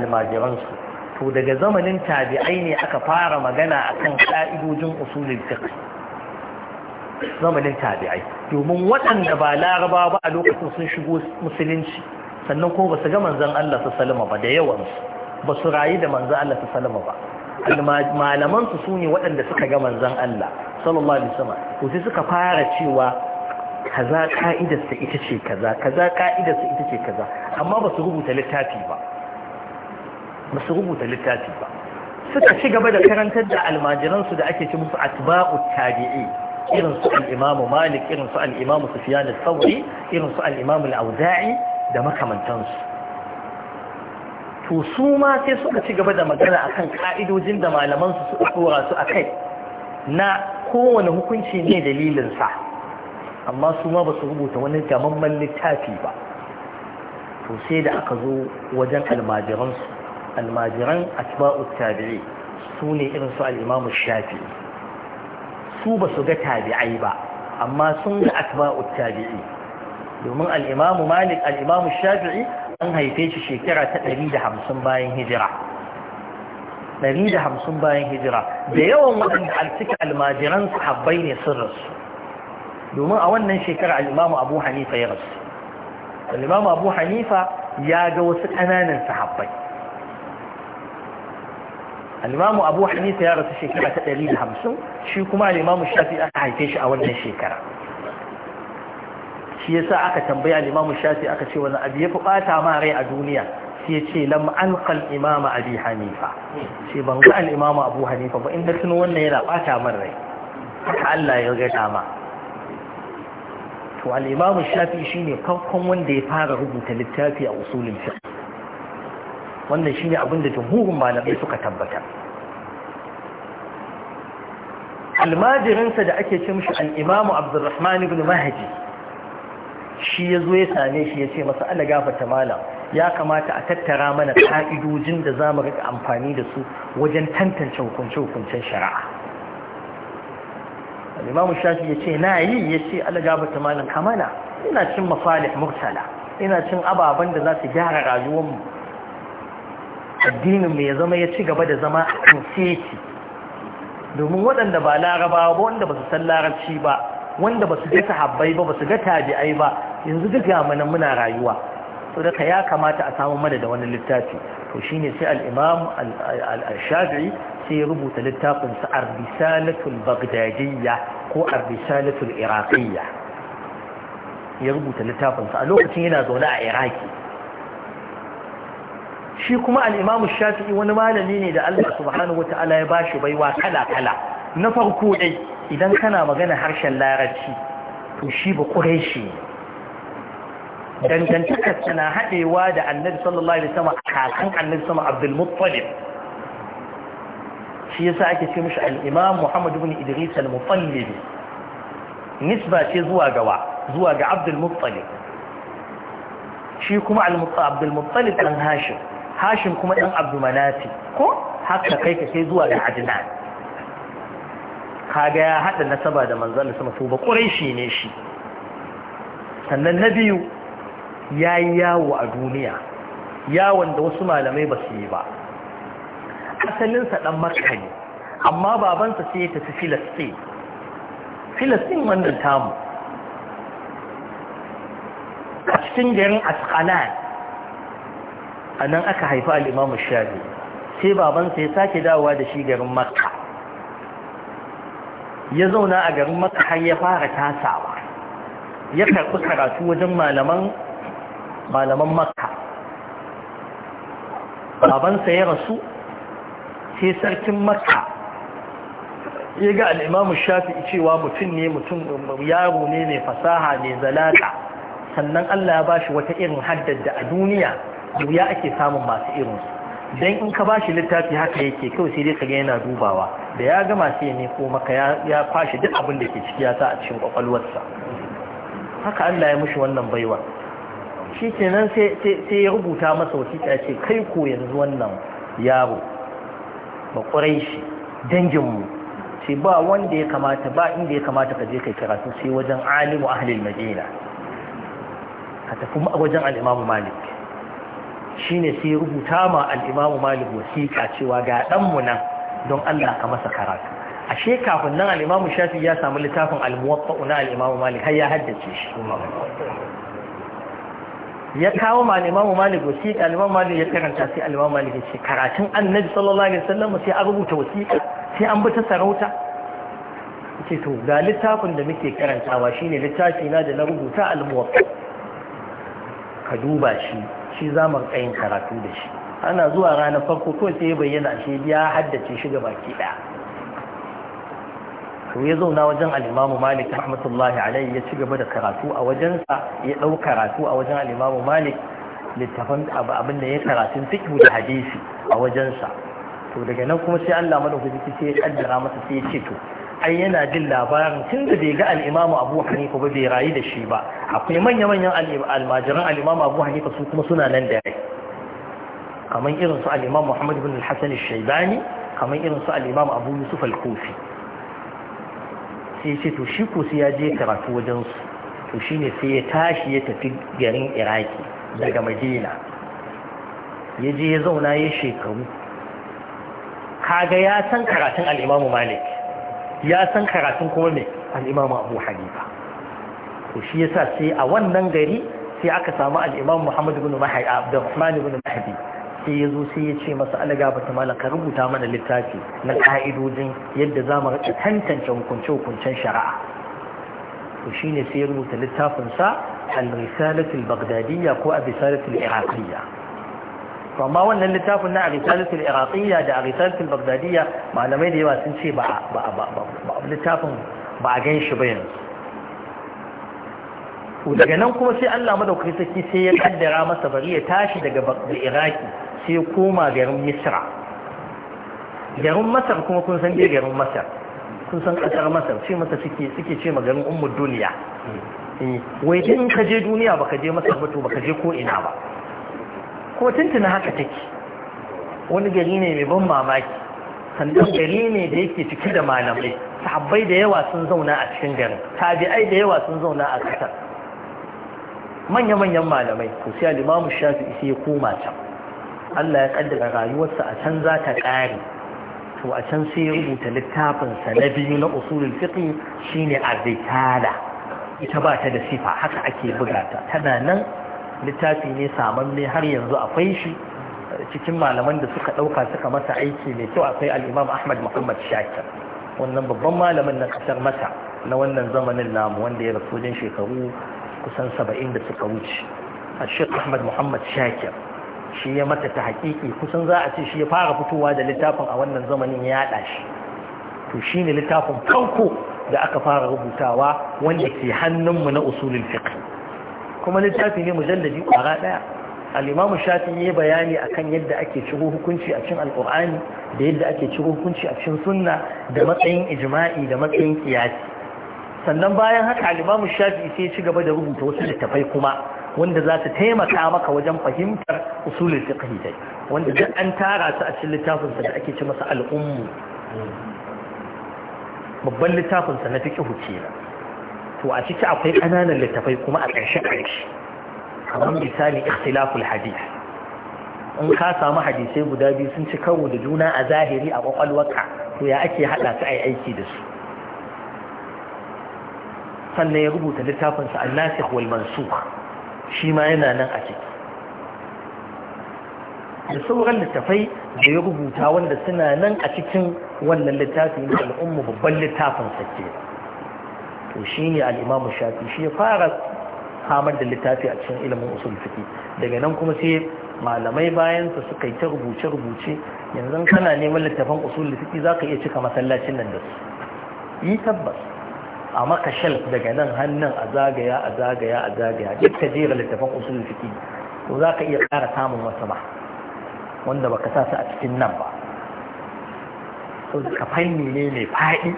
almajiransu to daga zamanin tabi'ai ne aka fara magana akan ka'idojin usulul fiqh zamanin tabi'ai domin waɗanda ba laraba ba a lokacin sun shigo musulunci sannan ko ba su ga manzon Allah sallallahu ba da yawansu ba su rayu da manzon Allah sallallahu ba malaman su sune waɗanda suka ga manzon Allah sallallahu alaihi wasallam ko sai suka fara cewa kaza ka'idarsa ita ce kaza kaza ka'idarsa ita ce kaza amma ba su rubuta littafi ba ba su rubuta littafi ba suka ci gaba da karantar da almajiran su da ake ci musu atba'u tabi'i irin su al-imam malik irin su al-imam sufyan al-thawri irin su al-imam al-auza'i da makamantansu to su ma sai suka ci gaba da magana akan ka'idojin da malaman su suka dora su akai na kowane hukunci ne dalilinsa amma su ma ba su rubuta wani gamamman littafi ba to sai da aka zo wajen almajiransu almajiran atba'u tabi'i su ne irin su al'imamu shafi su ba su ga tabi'ai ba amma sun ga atba'u tabi'i domin al'imamu malik al'imamu shafi'i an haife shi shekara ta 150 bayan hijira ɗari da hamsin bayan hijira da yawan waɗanda alcika almajiran sahabbai ne sun rasu domin a wannan shekara al'imamu abu hanifa ya rasu al'imamu abu hanifa ya ga wasu ƙananan sahabbai al'imamu abu hanifa ya rasu shekara ta ɗari da hamsin shi kuma al'imamu shafi aka haife shi a wannan shekara shi yasa aka tambaya al'imamu shafi aka ce wani abu ya fi ɓata ma rai a duniya sai ce lam alqal imama abi hanifa ce ban ga al imama abu hanifa ba inda tuno wannan yana bata min rai haka Allah ya ga dama to al imam shafi shine farkon wanda ya fara rubuta littafi a usulul fiqh wannan shine abin da jumhurin malamai suka tabbata almajirinsa da ake ce mishi al-imamu abdurrahman ibn shi ya zo ya same shi ya ce masa ala gafarta malam ya kamata a tattara mana ka'idojin da za mu rika amfani da su wajen tantance hukunce-hukuncen shari'a al'imamu shafi ya ce na yi ya ce alagaba ta malin kamana ina cin mafalik murtala ina cin ababen da za su gyara rayuwarmu addinin mai zama ya ci gaba da zama a kan domin waɗanda ba laraba ba wanda ba su san larabci ba wanda ba su ga sahabbai ba ba su ga tabi'ai ba yanzu duk yamanan muna rayuwa so daga ya kamata a samu mana da wani littafi to shine sai al-imam al-shafi'i sai ya rubuta littafin sa ar-risalatul baghdadiyya ko ar-risalatul iraqiyya ya rubuta littafin sa a lokacin yana zaune a iraki shi kuma al-imam shafi'i wani malami ne da Allah subhanahu wata'ala ya bashi baiwa kala kala na farko dai idan kana magana harshen larabci to shi ba shi ne dangantakar tana haɗewa da annabi sallallahu alaihi wasallam kakan annabi sama abdul muttalib shi yasa ake ce mishi al-imam muhammad ibn idris al-muttalib nisba ce zuwa gawa zuwa ga abdul muttalib shi kuma abdul muttalib dan hashim hashim kuma dan abdul manati ko haka kai ka kai zuwa ga adnan kaga ya hada nasaba da manzon sama to ba quraishi ne shi sannan na biyu ya yi yawo a duniya yawon da wasu malamai ba su yi ba asalinsa ɗan makka ne amma babansa sai ya tafi filastin filastin wannan tamu a cikin garin asqalan a nan aka haifi al'imamu shafi sai babansa ya sake dawowa da shi garin makka ya zauna a garin makka har ya fara tasawa ya karɓi karatu wajen malaman malaman makka babansa ya rasu sai sarkin makka ya ga al'imamu shafi cewa mutum ne mutum yaro ne mai fasaha mai zalaka sannan Allah ya ba shi wata irin haddada a duniya ya ake samun masu irinsu don in ka ba shi littafi haka yake kawai sai dai ga yana dubawa da ya gama sai ne ko maka ya kwashe duk abin da ke ciki ya sa a cikin kwakwalwarsa haka Allah ya mushi wannan baiwa shi nan sai ya rubuta masa wasiƙa ce kai ko yanzu wannan yaro ba ƙwarai shi danginmu ce ba wanda ya kamata ba inda ya kamata ka je kai karatu sai wajen alimu ahalil madina ka tafi wajen al'imamu malik shi ne sai rubuta ma al'imamu malik wasiƙa cewa ga ɗanmu nan don allah ka masa karatu ashe kafin nan al'imamu shafi ya samu littafin al-muwaffa'u na al'imamu malik har ya haddace shi ya kawo ma limamu shi wasiƙa limamu malik ya karanta sai limamu malik ya ce karatun annabi sallallahu alaihi wasallam sai an rubuta wasiƙa sai an bata sarauta ce to ga littafin da muke karantawa shine littafi na da na rubuta al-muwatta ka duba shi shi za mu kayin karatu da shi ana zuwa ranar farko ko sai ya bayyana shi ya haddace shi ga baki ɗaya to ya zauna wajen al'imamu malik rahmatullahi alaihi ya ci gaba da karatu a wajensa ya ɗau karatu a wajen al'imamu malik littafan abin da ya karatun fiqhu da hadisi a wajensa to daga nan kuma sai Allah madaukaki sai ya kaddara masa sai ya ce to ai yana jin labarin tun da bai ga al'imamu abu hanifa ba bai rayu da shi ba akwai manya-manyan almajiran al'imamu abu hanifa su kuma suna nan da rai kamar irin su al'imamu muhammad bin al-hassan shaibani kamar irin su al'imamu abu yusuf al-kufi sai ce to shi ko sai ya je karatu wajen su to shine sai ya tashi ya tafi garin iraki daga madina ya je ya zauna ya shekaru kaga ya san karatun al'imamu malik ya san karatun kuma mai al'imamu abu hanifa to shi yasa sai a wannan gari sai aka samu al'imamu muhammadu bin mahdi abdurrahman sai ya zo sai ya ce masa alaga bata malam ka rubuta mana littafi na ka'idojin yadda za mu rika tantance hukunce-hukuncen shari'a to shine sai ya rubuta littafinsa sa al-risalatul baghdadiyya ko al-risalatul iraqiyya to amma wannan littafin na al-risalatul iraqiyya da al-risalatul baghdadiyya malamai da yawa sun ce ba ba ba littafin ba a gan shi ba yanzu daga nan kuma sai Allah madaukakin sarki sai ya kaddara masa bari ya tashi daga Iraki sai koma garin misra garin masar kuma kun san dai garin masar kun san kasar masar ce masa suke suke ce garin ummu duniya eh, wai din ka je duniya baka je masar ba to baka je ko ina ba ko tuntuna haka take wani gari ne mai ban mamaki sannan gari ne da yake cike da malamai sahabbai da yawa sun zauna a cikin garin tabi'ai da yawa sun zauna a kasar manya-manyan malamai to sai al shafi shafi'i sai ya koma can Allah ya ƙaddara rayuwarsa a can za ta ƙare to a can sai ya rubuta littafinsa na biyu na usulul fiqh shine ar ita ba ta da sifa haka ake buga ta tana nan littafi ne saman ne har yanzu akwai shi cikin malaman da suka ɗauka suka masa aiki mai kyau akwai al-Imam Ahmad Muhammad Shakir wannan babban malamin na kasar mata na wannan zamanin namu wanda ya rasu wajen shekaru kusan saba'in da suka wuce a Ahmad Muhammad Shakir shi ya mata ta haƙiƙi kusan za a ce shi ya fara fitowa da littafin a wannan zamanin ya yaɗa shi to shi ne littafin farko da aka fara rubutawa wanda ke hannunmu na usulin fiqh kuma littafi ne mujalladi ƙwara ɗaya al-imam shafi'i ya bayani akan yadda ake ciro hukunci a cikin alqur'ani da yadda ake ciro hukunci a cikin sunna da matsayin ijma'i da matsayin qiyasi sannan bayan haka al shafi sai ya ci gaba da rubuta wasu littafai kuma wanda za su taimaka maka wajen fahimtar usulul fiqh dai wanda duk an tara su a cikin littafin da ake ce masa al-ummu babban littafin sa na fiqh kenan to a ciki akwai kananan littafai kuma a ƙarshe ƙarshe kamar misali ikhtilaful hadith in ka samu hadisai guda biyu sun ci karo da juna a zahiri a kwakwalwarka to ya ake hada su ai aiki da su sannan ya rubuta littafinsa an-nasikh wal mansukh shi ma yana nan a ciki da sauran littafai da ya rubuta wanda suna nan a cikin wannan littafi da al'umma babban littafin sake to shi ne al'imamu shafi shi ya fara hamar da littafi a cikin ilimin usul fiki daga nan kuma sai malamai bayansa suka yi ta rubuce-rubuce yanzu kana neman littafin usul fiki za ka iya cika masallacin nan da su yi tabbas a maka shelf daga nan hannun a zagaya a zagaya a zagaya duk ka jera littafin usul fiki to za ka iya tsara samun wasu ba wanda baka sa su a cikin nan ba so ka fanni ne mai faɗi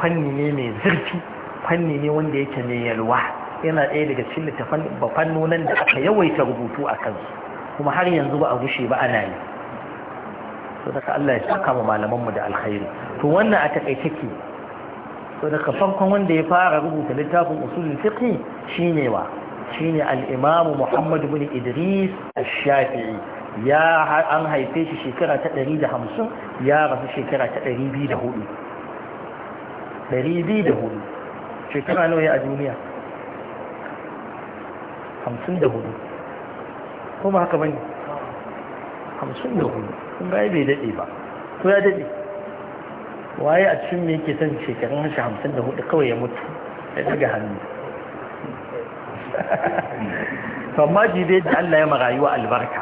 fanni ne mai zurfi fanni ne wanda yake mai yalwa yana ɗaya daga cikin littafan nan da aka yawaita rubutu a kansu kuma har yanzu ba a gushe ba ana yi so daga Allah ya saka mu malamanmu da alkhairi to wannan a takaice ke so daga farkon wanda ya fara rubuta littafin usulul fiqh shine wa shine al-imam Muhammad ibn Idris al-Shafi'i ya an haife shi shekara ta 150 ya rasu shekara ta 204 204 shekara nawa ya a duniya 54 kuma haka bane 54 kun ga bai dade ba ko ya dade waye a cikin me yake son shekarun shi hamsin da hudu kawai ya mutu ya daga hannu (laughs) amma dai da Allah ya marayuwa albarka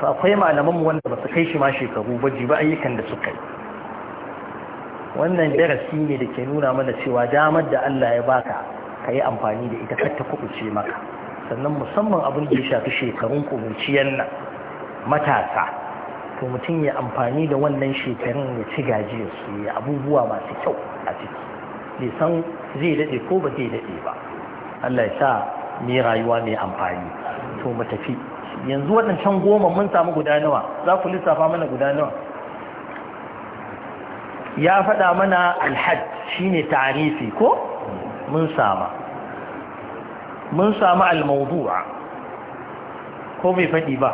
to akwai malaman mu wanda ba su kai shi ma shekaru ba jiba ayyukan da suka yi wannan darasi ne da ke nuna mana cewa damar da Allah ya baka ka yi amfani da ita kar ta kubuce maka sannan musamman abin da ya shafi shekarun kubuciyan nan matasa to mutum ya amfani da wannan shekarun ya ci ya su yi abubuwa masu kyau a ciki bai san zai daɗe ko ba zai daɗe ba Allah ya sa mai rayuwa mai amfani to mu tafi yanzu waɗancan goma mun samu guda nawa za ku lissafa mana guda nawa ya faɗa mana alhad shine tarifi ko mun sama mun sama almawdu'a ko bai faɗi ba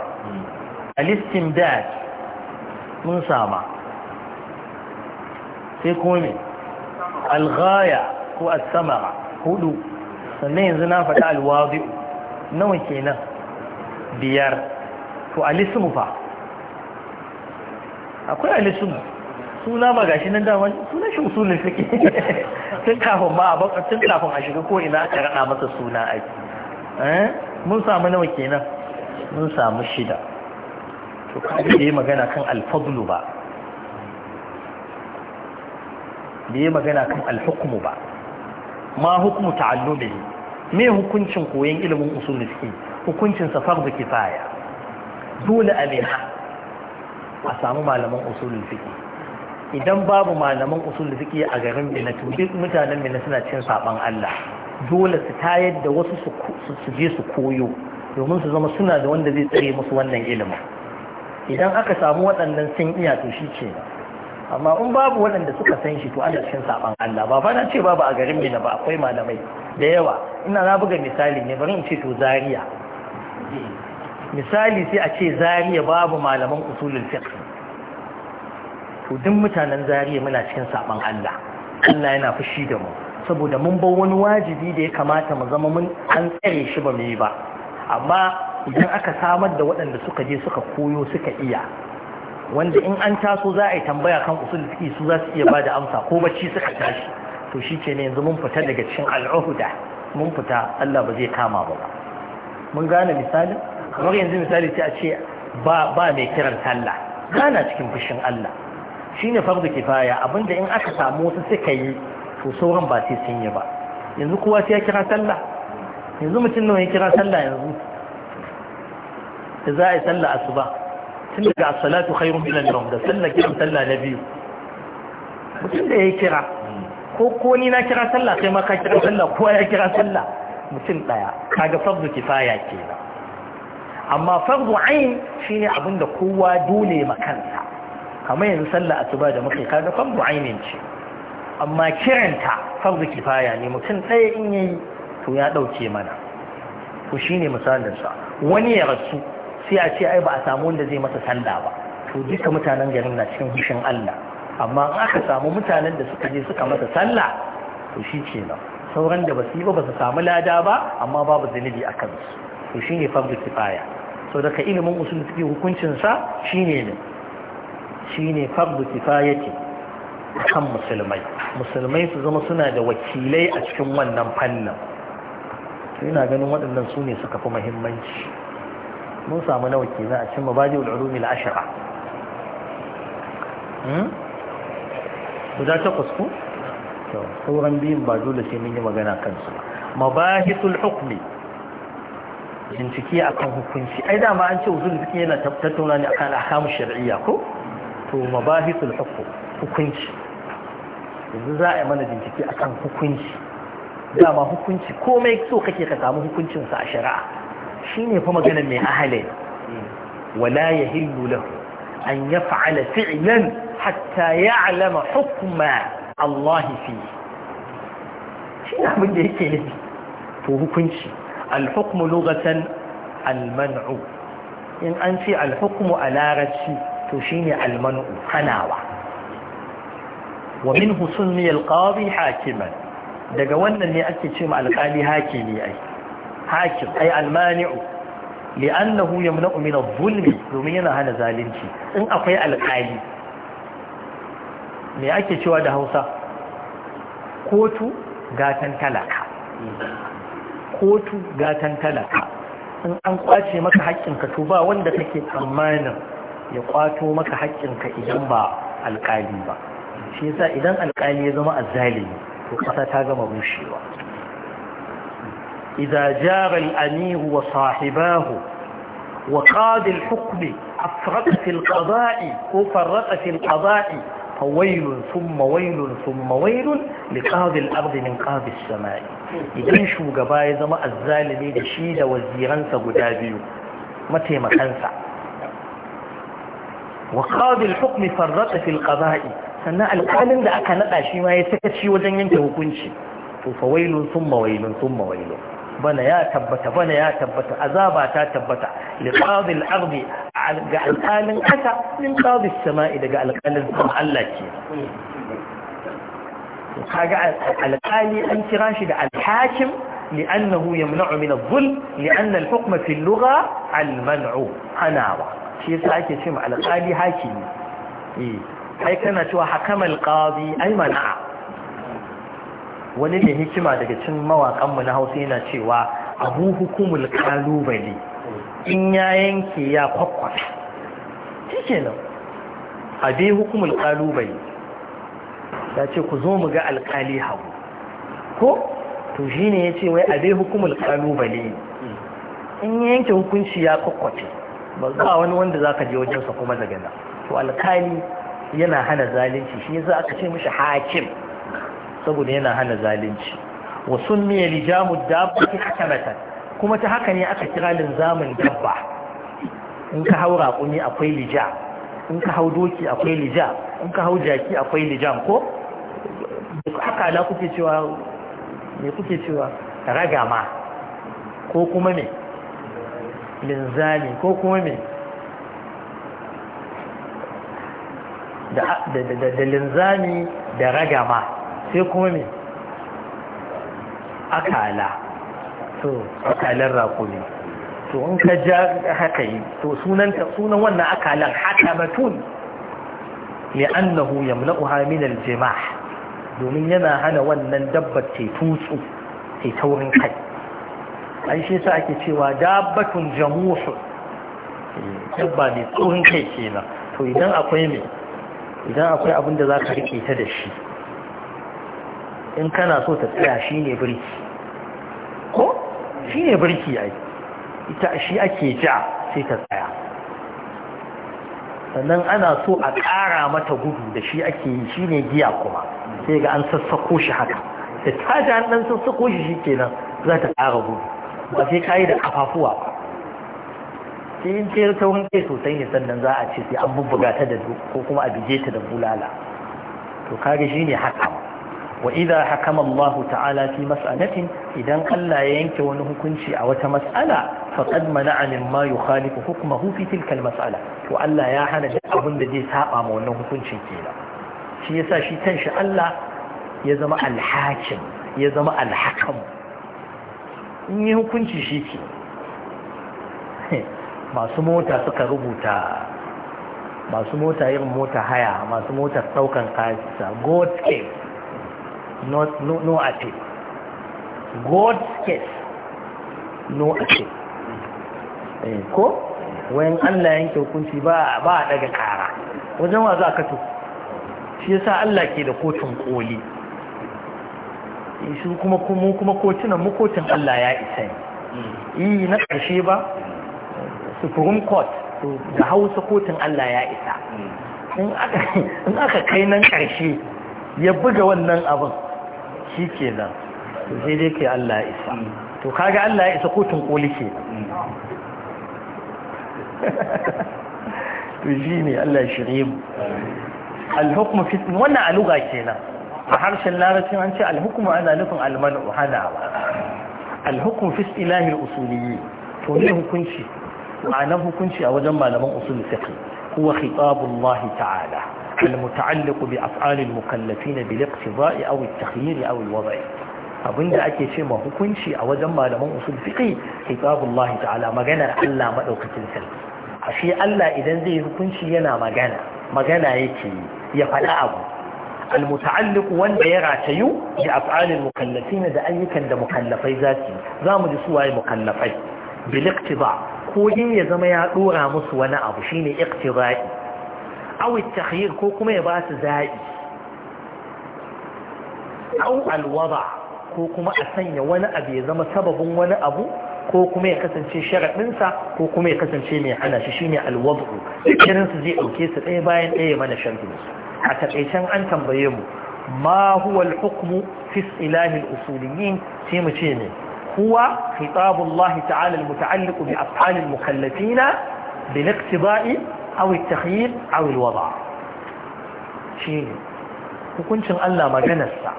al-istimdad mun sama sai kuma ne alghaya ko asamara hudu sannan yanzu na faɗi alwazi nawa kenan biyar to alismu fa akwai alismu suna ba gashi nan damar suna shi usulin suke (laughs) tun kafin ba a tun kafin a shiga ko ina aka raɗa masa suna aiki eh? mun samu nawa kenan mun samu shida to ka da yi magana kan alfadlu ba da yi magana kan alhukumu ba ma hukumu yi. me hukuncin koyon ilimin usul suke hukuncin safar da kifaya dole a ne a samu malaman usul suke idan babu malaman usul suke a garin Minna to duk mutanen Minna suna cin saɓan Allah dole su tayar da wasu su je su koyo domin su zama suna da wanda zai tsare musu wannan ilimin idan aka samu waɗannan sun iya to shi ce amma in babu waɗanda suka san shi to ana cikin saɓan Allah ba ba na ce babu a garin na ba akwai malamai da yawa ina na buga misali ne bari in ce to Zariya. misali sai a ce Zariya babu malaman usulul fiqh to duk mutanen Zariya muna cikin saɓan Allah Allah yana fushi da mu saboda mun bar wani wajibi da ya kamata mu zama mun an tsare shi ba mu yi ba amma idan aka samar da waɗanda suka je suka koyo suka iya wanda in an taso za a yi tambaya kan usul fiqi su za su iya ba da amsa ko bacci suka tashi to shi ke ne yanzu mun fita daga cikin al'uhuda mun fita Allah ba zai kama ba mun gane misali kamar yanzu misali sai a ce ba ba mai kiran sallah gana cikin fushin Allah shine fardu kifaya abinda in aka samu wasu suka yi to sauran ba sai sun yi ba yanzu kowa sai ya kira sallah yanzu mutum nawa ya kira sallah yanzu da za a yi sallah asuba tun daga asalatu khairun min an da sallah kiran sallah na biyu mutum da ya kira ko ko ni na kira sallah sai ma ka kira sallah ko ya kira sallah mutum daya kaga fardu kifaya kenan amma fardu ain shine abinda kowa dole makansa kamar yanzu sallah asuba da muke kaga fardu ainin ce amma kiranta fardu kifaya ne mutum ɗaya in yayi to ya ɗauke mana to shine misalin sa wani ya rasu sai a ce ai ba a samu wanda zai masa sallah ba to duka mutanen garin na cikin hushin Allah amma in aka samu mutanen da suka je suka masa sallah to shi ce nan sauran da basu yi ba su samu lada ba amma babu zunubi a kansu to shine fardu kifaya so daga ilimin usul fiqh hukuncin sa shine ne shine fardu a kan musulmai musulmai su zama suna da wakilai a cikin wannan fannin ina ganin waɗannan su ne suka fi muhimmanci mun samu nawa ke za a cin mabadi ul'ulumi al'ashara hmm? guda takwas ku sauran biyun ba dole sai mun yi magana kansu mabahisul hukmi bincike kan hukunci ai dama an ce usul fiqh yana tattauna ne akan ahkamu shari'a ko to mabahisul hukunci yanzu za a yi mana bincike akan hukunci dama hukunci komai so kake ka samu hukuncinsa a shari'a shine fa maganar mai ahalai wala ya hillu lahu an fa'ala fi'ilan hatta ya'lama hukuma allahi fi shi abin da yake nufi to hukunci alhukumu hukmu alman'u in an ce alhukumu a larabci to shine al-man'u hanawa wa minhu sunniya al hakiman daga wannan ne ake ce ma alkali qadi hakimi ai hakim ai almani'u li'annahu yamna'u min adh-dhulmi domin yana hana zalunci in akwai alƙali me ake cewa da Hausa kotu gatan talaka kotu in an kwace maka haƙƙinka to ba wanda take tsammanin ya kwato maka haƙƙinka idan ba alƙali ba shi yasa idan alƙali ya zama azzalimi to ƙasa ta gama rushewa إذا جار الأمير وصاحباه وقاد الحكم أفرط في القضاء وفرط في القضاء فويل ثم ويل ثم ويل لقاضي الأرض من قاضي السماء إذن شو قبائي زما الزالمي لشيد وزيرانسا قدابيو متى ما كانسا وقاضي الحكم فرط في القضاء سنة القالم ده أكا نقاشي ما يسكت شي وجن ينتهو كنشي فويل ثم ويل ثم ويل bana ya tabbata bana ya tabbata azaba ta tabbata li qadil ardi ga alqalin kasa min qadis sama'i daga alqalin sama Allah ke kaga an kira shi da alhakim لأنه يمنع من الظلم لأن الحكم في اللغة المنع حناوة شيء ساكي شمع القاضي هاكي هاي كانت وحكم القاضي أي منع wani ne hikima daga cin mawaƙanmu na hausa yana cewa abu hukumul kalubale in ya yanke ya kwakwata shi kenan abe hukumul kalubale ya ce ku zo mu ga alkali hagu ko to shi ne ya ce wai abe hukumul kalubale in ya yanke hukunci ya kwakwata ba za wani wanda za ka je wajensa kuma daga nan to alkali yana hana zalunci shi yasa aka ce mishi hakim saboda yana hana zalunci wa miya lijamu haka mata kuma ta haka ne aka kira zamun dabba in ka hau raƙumi akwai lija in ka hau doki akwai lija in ka hau jaki akwai lijan ko haka ala kuke cewa me kuke cewa ragama ko kuma me linzami ko kuma me da linzami da ragama sai kuma me akala to akalan rakumi to in ka ja haka yi to sunan sunan wannan akalan haka hakamatun li'annahu yamla'uha min al jima'a domin yana hana wannan dabba ce tutsu ce taurin kai an shi sa ake cewa dabbatun jamusu dabba ne taurin kai kenan to idan akwai me idan akwai abin da ka rike ta da shi in kana so ta tsaya shi ne birki ko shi ne birki ai ita shi ake ja sai ta tsaya sannan ana so a ƙara mata gudu da shi ake yi shi ne giya kuma sai ga an sassako shi haka da ta ji an ɗan sassako shi shi kenan za ta ƙara gudu ba sai ka yi da ƙafafuwa ba sai in ce sauran kai sosai ne sannan za a ce sai an bubbuga ta da ko kuma a bije ta da bulala to kare shi ne haka wa idza hakama Allah ta'ala fi mas'alatin idan Allah ya yanke wani hukunci a wata mas'ala faqad mana'a mimma yukhalifu hukmahu fi tilka al-mas'ala to Allah ya hana duk abin da zai saba ma wannan hukuncin kenan shi yasa shi kanshi Allah ya zama al-hakim ya zama al-hakam in yi hukunci shi ke (laughs) masu mota suka rubuta masu mota yin mota haya masu motar ɗaukan kasa god cave no, no, no appeal God's case no appeal eh, ko wayan Allah yanke hukunci ba ba a daga kara wajen wa za ka to shi yasa Allah ke da kotun koli eh, shi kuma kuma kuma kotunan mu kotun Allah ya isa yi eh, na ƙarshe ba supreme court da hausa kotun Allah ya isa in aka kai nan ƙarshe ya buga wannan abin shi kenan sai dai kai Allah ya isa to kaga Allah ya isa kotun koli ke (laughs) to shi ne Allah ya shirye mu alhukmu fi wannan aluga kenan a harshen larabci an ce alhukmu ana nufin almanu hana alhukmu fi ilahi usuliyi, to ne hukunci ma'anar hukunci a wajen malaman usul fiqh huwa khitabullah ta'ala المتعلق بأفعال المكلفين بالاقتضاء أو التخيير أو الوضع abin da ake ce ma hukunci a wajen malaman usul fiqi ta'ala maganar Allah madaukakin sarki ashe Allah idan zai hukunci yana magana magana yake ya faɗa abu almuta'alliq wanda ya ratayu da af'alil mukallafin da ayyukan da mukallafai za su zamu ji su waye mukallafai bil iqtida ko yin ya zama ya dora musu wani abu shine iqtida'i awi takhir ko kuma ya ba su zaɓi au alwaba ko kuma a sanya wani abu ya zama sababin wani abu ko kuma ya kasance sharaɗinsa ko kuma ya kasance mai hana shi shine alwadu kirin su zai ɗauke su ɗaya bayan ɗaya mana sharhin a takaicen an tambaye mu ma huwa al-hukmu fi ilahi al-usuliyyin sai mu ce ne huwa khitabullah ta'ala al bi af'al mukallafina أو التخيير أو الوضع شيء hukuncin Allah maganarsa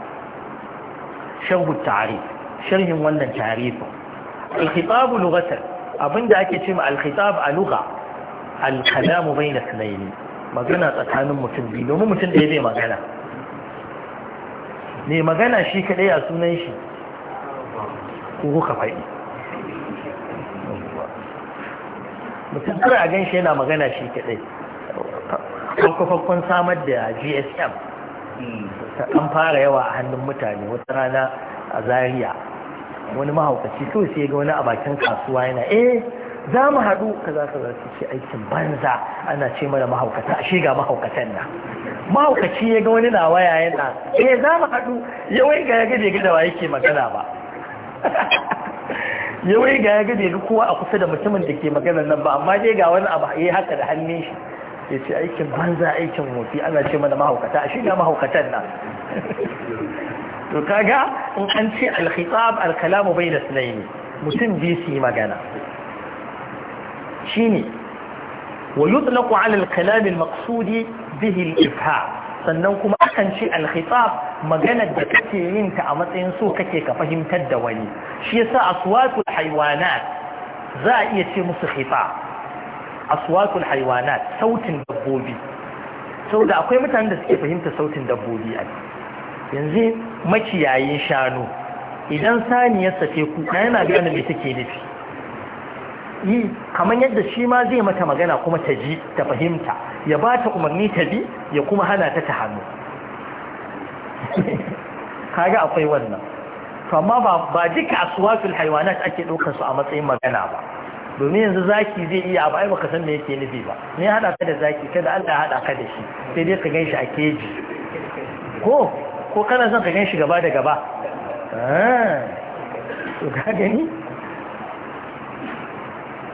sharhu ta'arif sharhin wannan ta'arifin al-khitab abinda ake ce ma al a lugha al bai bayna thnayn magana tsakanin mutum biyu domin mutum da zai magana ne magana shi kaɗai a sunan shi ko ka faɗi mutum kawai a gan shi yana magana shi kaɗai farko samar da gsm an fara yawa a hannun mutane wata rana a zaria wani mahaukaci kawai sai ga wani a bakin kasuwa yana eh za mu haɗu ka za ka za su ce aikin banza ana ce mana mahaukata a shiga mahaukatan na mahaukaci ya ga wani na waya yana eh za mu haɗu yawai ga ya gaje gada ba yake magana ba yawai ga ya gade ga kowa a kusa da mutumin da ke maganar nan ba amma dai ga wani abu ya yi haka da hannun shi ya ce aikin banza aikin motsi ana ce mana mahaukata a shi ga mahaukatan nan to kaga in an ce alkhitab alkalamu bai da sunayi mutum biyu su yi magana shine wa yutlaku ala alkalamin maksudi bihi ifha sannan kuma akan ce alkhitab maganar da kake yin ta a matsayin so kake ka fahimtar da wani shi yasa aswatul haywanat za a iya ce musu khitab aswatul haywanat sautin dabbobi saboda akwai mutanen da suke fahimta sautin dabbobi a yanzu makiyayin shanu idan ya sa ce na yana gane me take nufi yi kamar yadda shi ma zai mata magana kuma ta ji ta fahimta ya ba ta umarni ta bi ya kuma hana ta ta hannu (laughs) kaga akwai wannan to amma ba duka aswatul haywanat ake ɗaukar su a matsayin magana ba domin yanzu zaki zai iya abu kasan baka san me yake nufi ba ne hada ka da zaki kada Allah hada ka da shi sai dai ka ganshi a keji ko ko kana son ka ganshi gaba da gaba ah to ka gani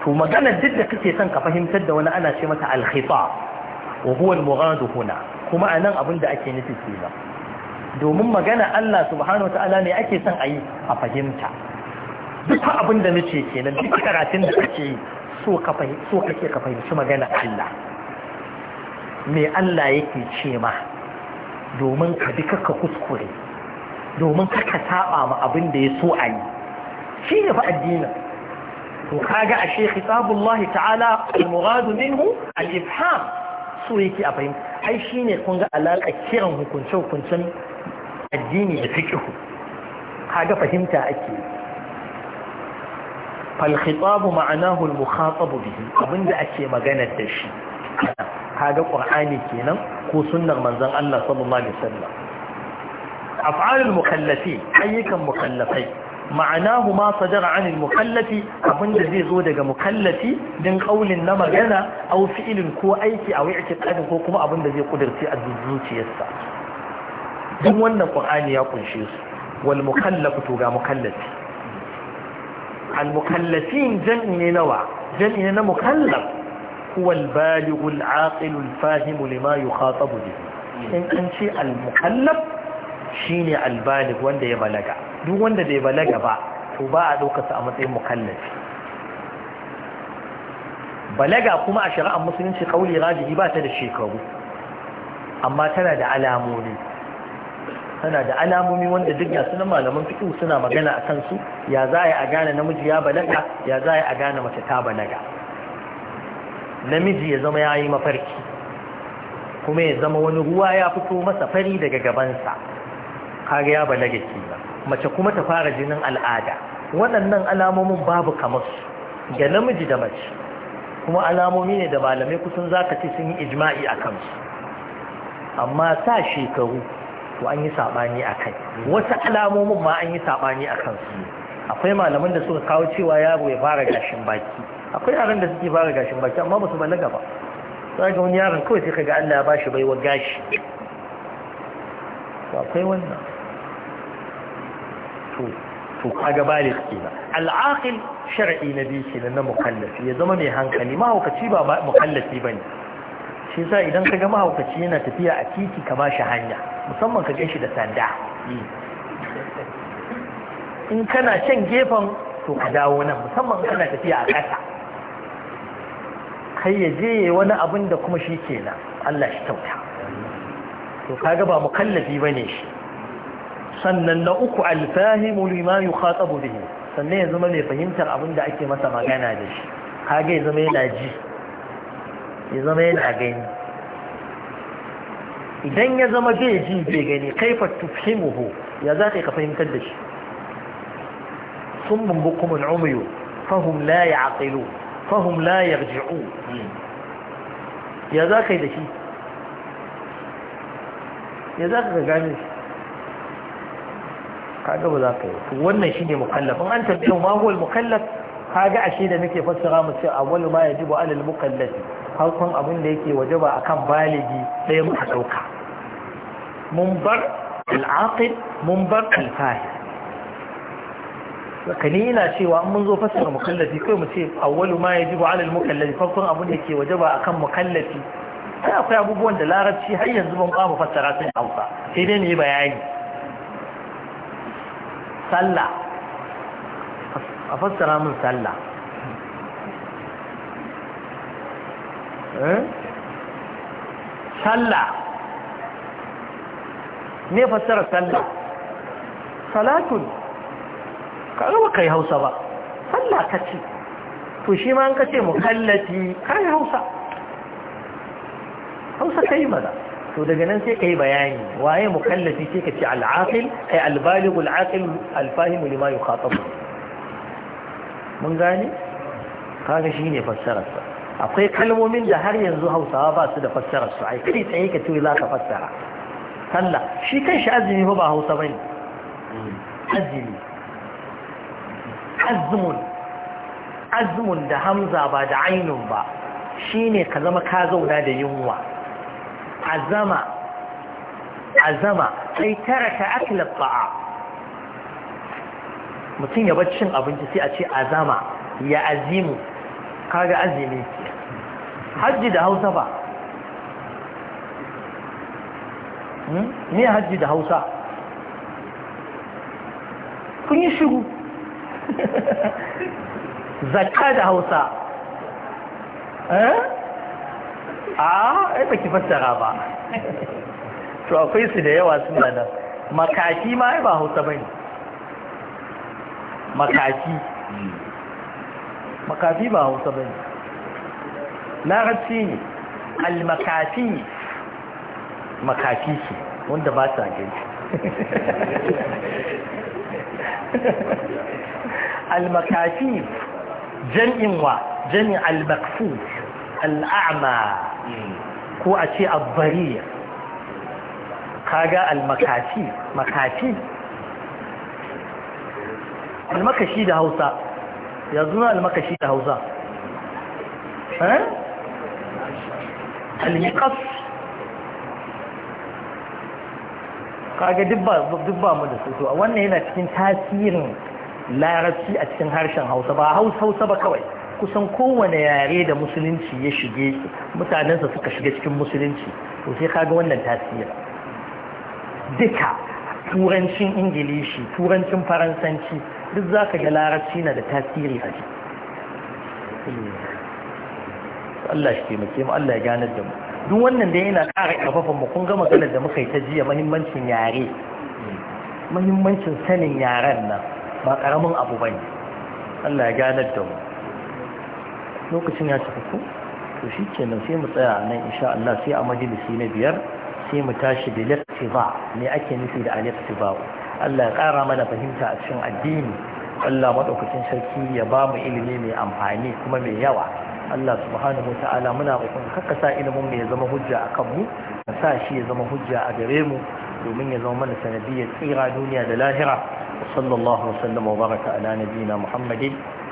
to magana duk da kake son ka fahimtar da wani ana ce mata al-khita wa huwa al muradu huna kuma anan abin da ake nufi kenan domin magana Allah subhanahu wataala ne ake son ayi a fahimta duk abin da nace kenan duk karatun da kake so ka fahimci so kake ka fahimci magana Allah me Allah yake ce ma domin ka bi ka kuskure domin ka saba ma abin da ya so ayi shi ne fa addinin to kaga ashe khitabullahi ta'ala al-muradu minhu al-ifham so yake a fahimta ai shine kun ga alaka kiran hukuncin-hukuncin addini da fiqh kaga fahimta ake fal khitabu ma'anahu al-mukhatab bihi abinda ake magana da shi kaga qur'ani kenan ko sunnar manzon Allah sallallahu alaihi wasallam af'alul mukallafi ayyukan mukallafai ma'anahu ma sadara al mukallafi abinda zai zo daga mukallafi din qaulin na magana aw fi'ilin ko aiki a wai'ati tsadin ko kuma abinda zai kudurci a zuciyarsa din wannan qur'ani ya kunshe su wal mukallafu to ga mukallafi al mukallafin jam'i ne nawa jan'i na mukallaf huwa al balighu al aqil al fahim lima yukhatabu bihi in an ce al mukallaf shine al wanda ya balaga duk wanda bai balaga ba to ba a ɗaukasa a matsayin mukallafi balaga kuma a shari'ar musulunci kauli rajihi ba ta da shekaru amma tana da alamomi tana da alamomi wanda duk ya suna malaman fiƙi suna magana a kansu ya za a gane namiji ya balaga ya za a gane mace ta balaga namiji ya zama ya yi mafarki kuma ya zama wani ruwa ya fito masa fari daga gabansa kaga ya balaga kenan mace kuma ta fara jinin al'ada waɗannan alamomin babu kamar su namiji da mace kuma alamomi ne da malamai kusan za ka ce sun yi ijma'i a kansu amma sa shekaru to an yi saɓani a kai wasu alamomin ma an yi saɓani a kansu akwai malaman da suka kawo cewa yaro ya fara gashin baki akwai yaran da suke fara gashin baki amma ba su balaga ba za ga wani yaron kawai sai ka ga Allah ya bashi baiwa gashi akwai wannan to to kaga balis ba al'aqil shar'i na biyu ke na mukallafi ya zama mai hankali mahaukaci ba mukallafi bane shi yasa idan kaga mahaukaci yana tafiya a titi ka ba shi hanya musamman ka gaishe da sanda in kana can gefen to ka dawo nan musamman kana tafiya a ƙasa kai ya je ya wani abin da kuma shi kenan Allah shi kyauta to kaga ba mukallafi bane shi sannan na uku alfahimu lima yukhatabu bihi sannan ya zama mai fahimtar abinda ake masa magana da shi kage ya zama yana ji ya zama yana gani idan ya zama bai ji bai gani kaifar kaifa tufhimuhu ya za ka fahimtar da shi sun bumbukum Fahim fahum a ya'qilu Fahim la yarji'u ya za ka yi da shi ya za ka gane shi kaga ba za ka yi to wannan shine mukallaf an tambaye ma huwa mukallaf kaga ashe da muke fassara mu ce awwalu ma ya yajibu alal mukallaf farkon abin da yake a kan baligi sai muka ɗauka. mun bar al mun bar al-fahim kani ina cewa mun zo fassara mukallafi kai mu ce awwalu ma ya yajibu alal mukallafi farkon abin da yake wajaba akan mukallafi sai akwai abubuwan da larabci har yanzu ban ba mu fassara sun Hausa sai dai ne bayani sallah a fassara min sallah eh? sallah ne fassara sallah salatun ka ba kai hausa ba sallah ka ce to shi ma an ka ce mu mukallati kai hausa hausa ka yi maza to daga nan sai ka yi bayani waye mukallafi sai ka ce al'aqil ai al-aqil al alfahimu lima yukhatabu mun gane kaga shine fassarar sa akwai kalmomin da har yanzu Hausawa ba su da fassarar su ai kai tsaye ka ce ka fassara sallah shi kanshi azumi ba Hausa bane azumi azmun azmun da hamza ba da ainun ba shine ka zama ka zauna da yunwa عزم عزم أي ترك أكل الطعام mutum ya bar cin abinci sai a ce azama ya azimu kaga azimi hajji da hausa ba ne hajji da hausa kun yi shiru zaka da hausa eh a ai baki fassara ba to akwai su da yawa suna nan makaki ma ai ba hausa bane makaki makafi ba hausa bane larabci ne almakafi makafi ce wanda ba sa gani almakafi jan'in wa jan'in almakfu al'ama ko a ce abbariya kaga almakashi makashi almakashi da hausa yanzu na almakashi da hausa eh? almikas kaga dubba mu da A wannan yana cikin tasirin larabci a cikin harshen hausa ba hausa ba kawai kusan kowane yare da musulunci ya shige mutanensa suka shiga cikin musulunci to sai kaga wannan tasiri duka turancin ingilishi turancin faransanci duk za ka ga larabci na da tasiri a Allah shi taimake mu Allah ya ganar da mu duk wannan da yana ƙara ƙarfafan mu kun ga maganar da muka yi ta jiya mahimmancin yare mahimmancin sanin yaren nan ba ƙaramin abu bane Allah ya ganar da mu lokacin ya tafi ku to shi kenan sai mu tsaya nan insha Allah sai a majalisi na biyar sai mu tashi da liftiba ne ake nufi da aliftiba Allah ya ƙara mana fahimta a cikin addini Allah maɗaukacin sarki ya ba mu ilimi mai amfani kuma mai yawa Allah subhanahu wa ta'ala muna roƙon kakasa ilimin mu ya zama hujja a kanmu ka sa shi ya zama hujja a gare mu domin ya zama mana sanadiyyar tsira duniya da lahira wa sallallahu wa wa baraka ala nabiyina Muhammadin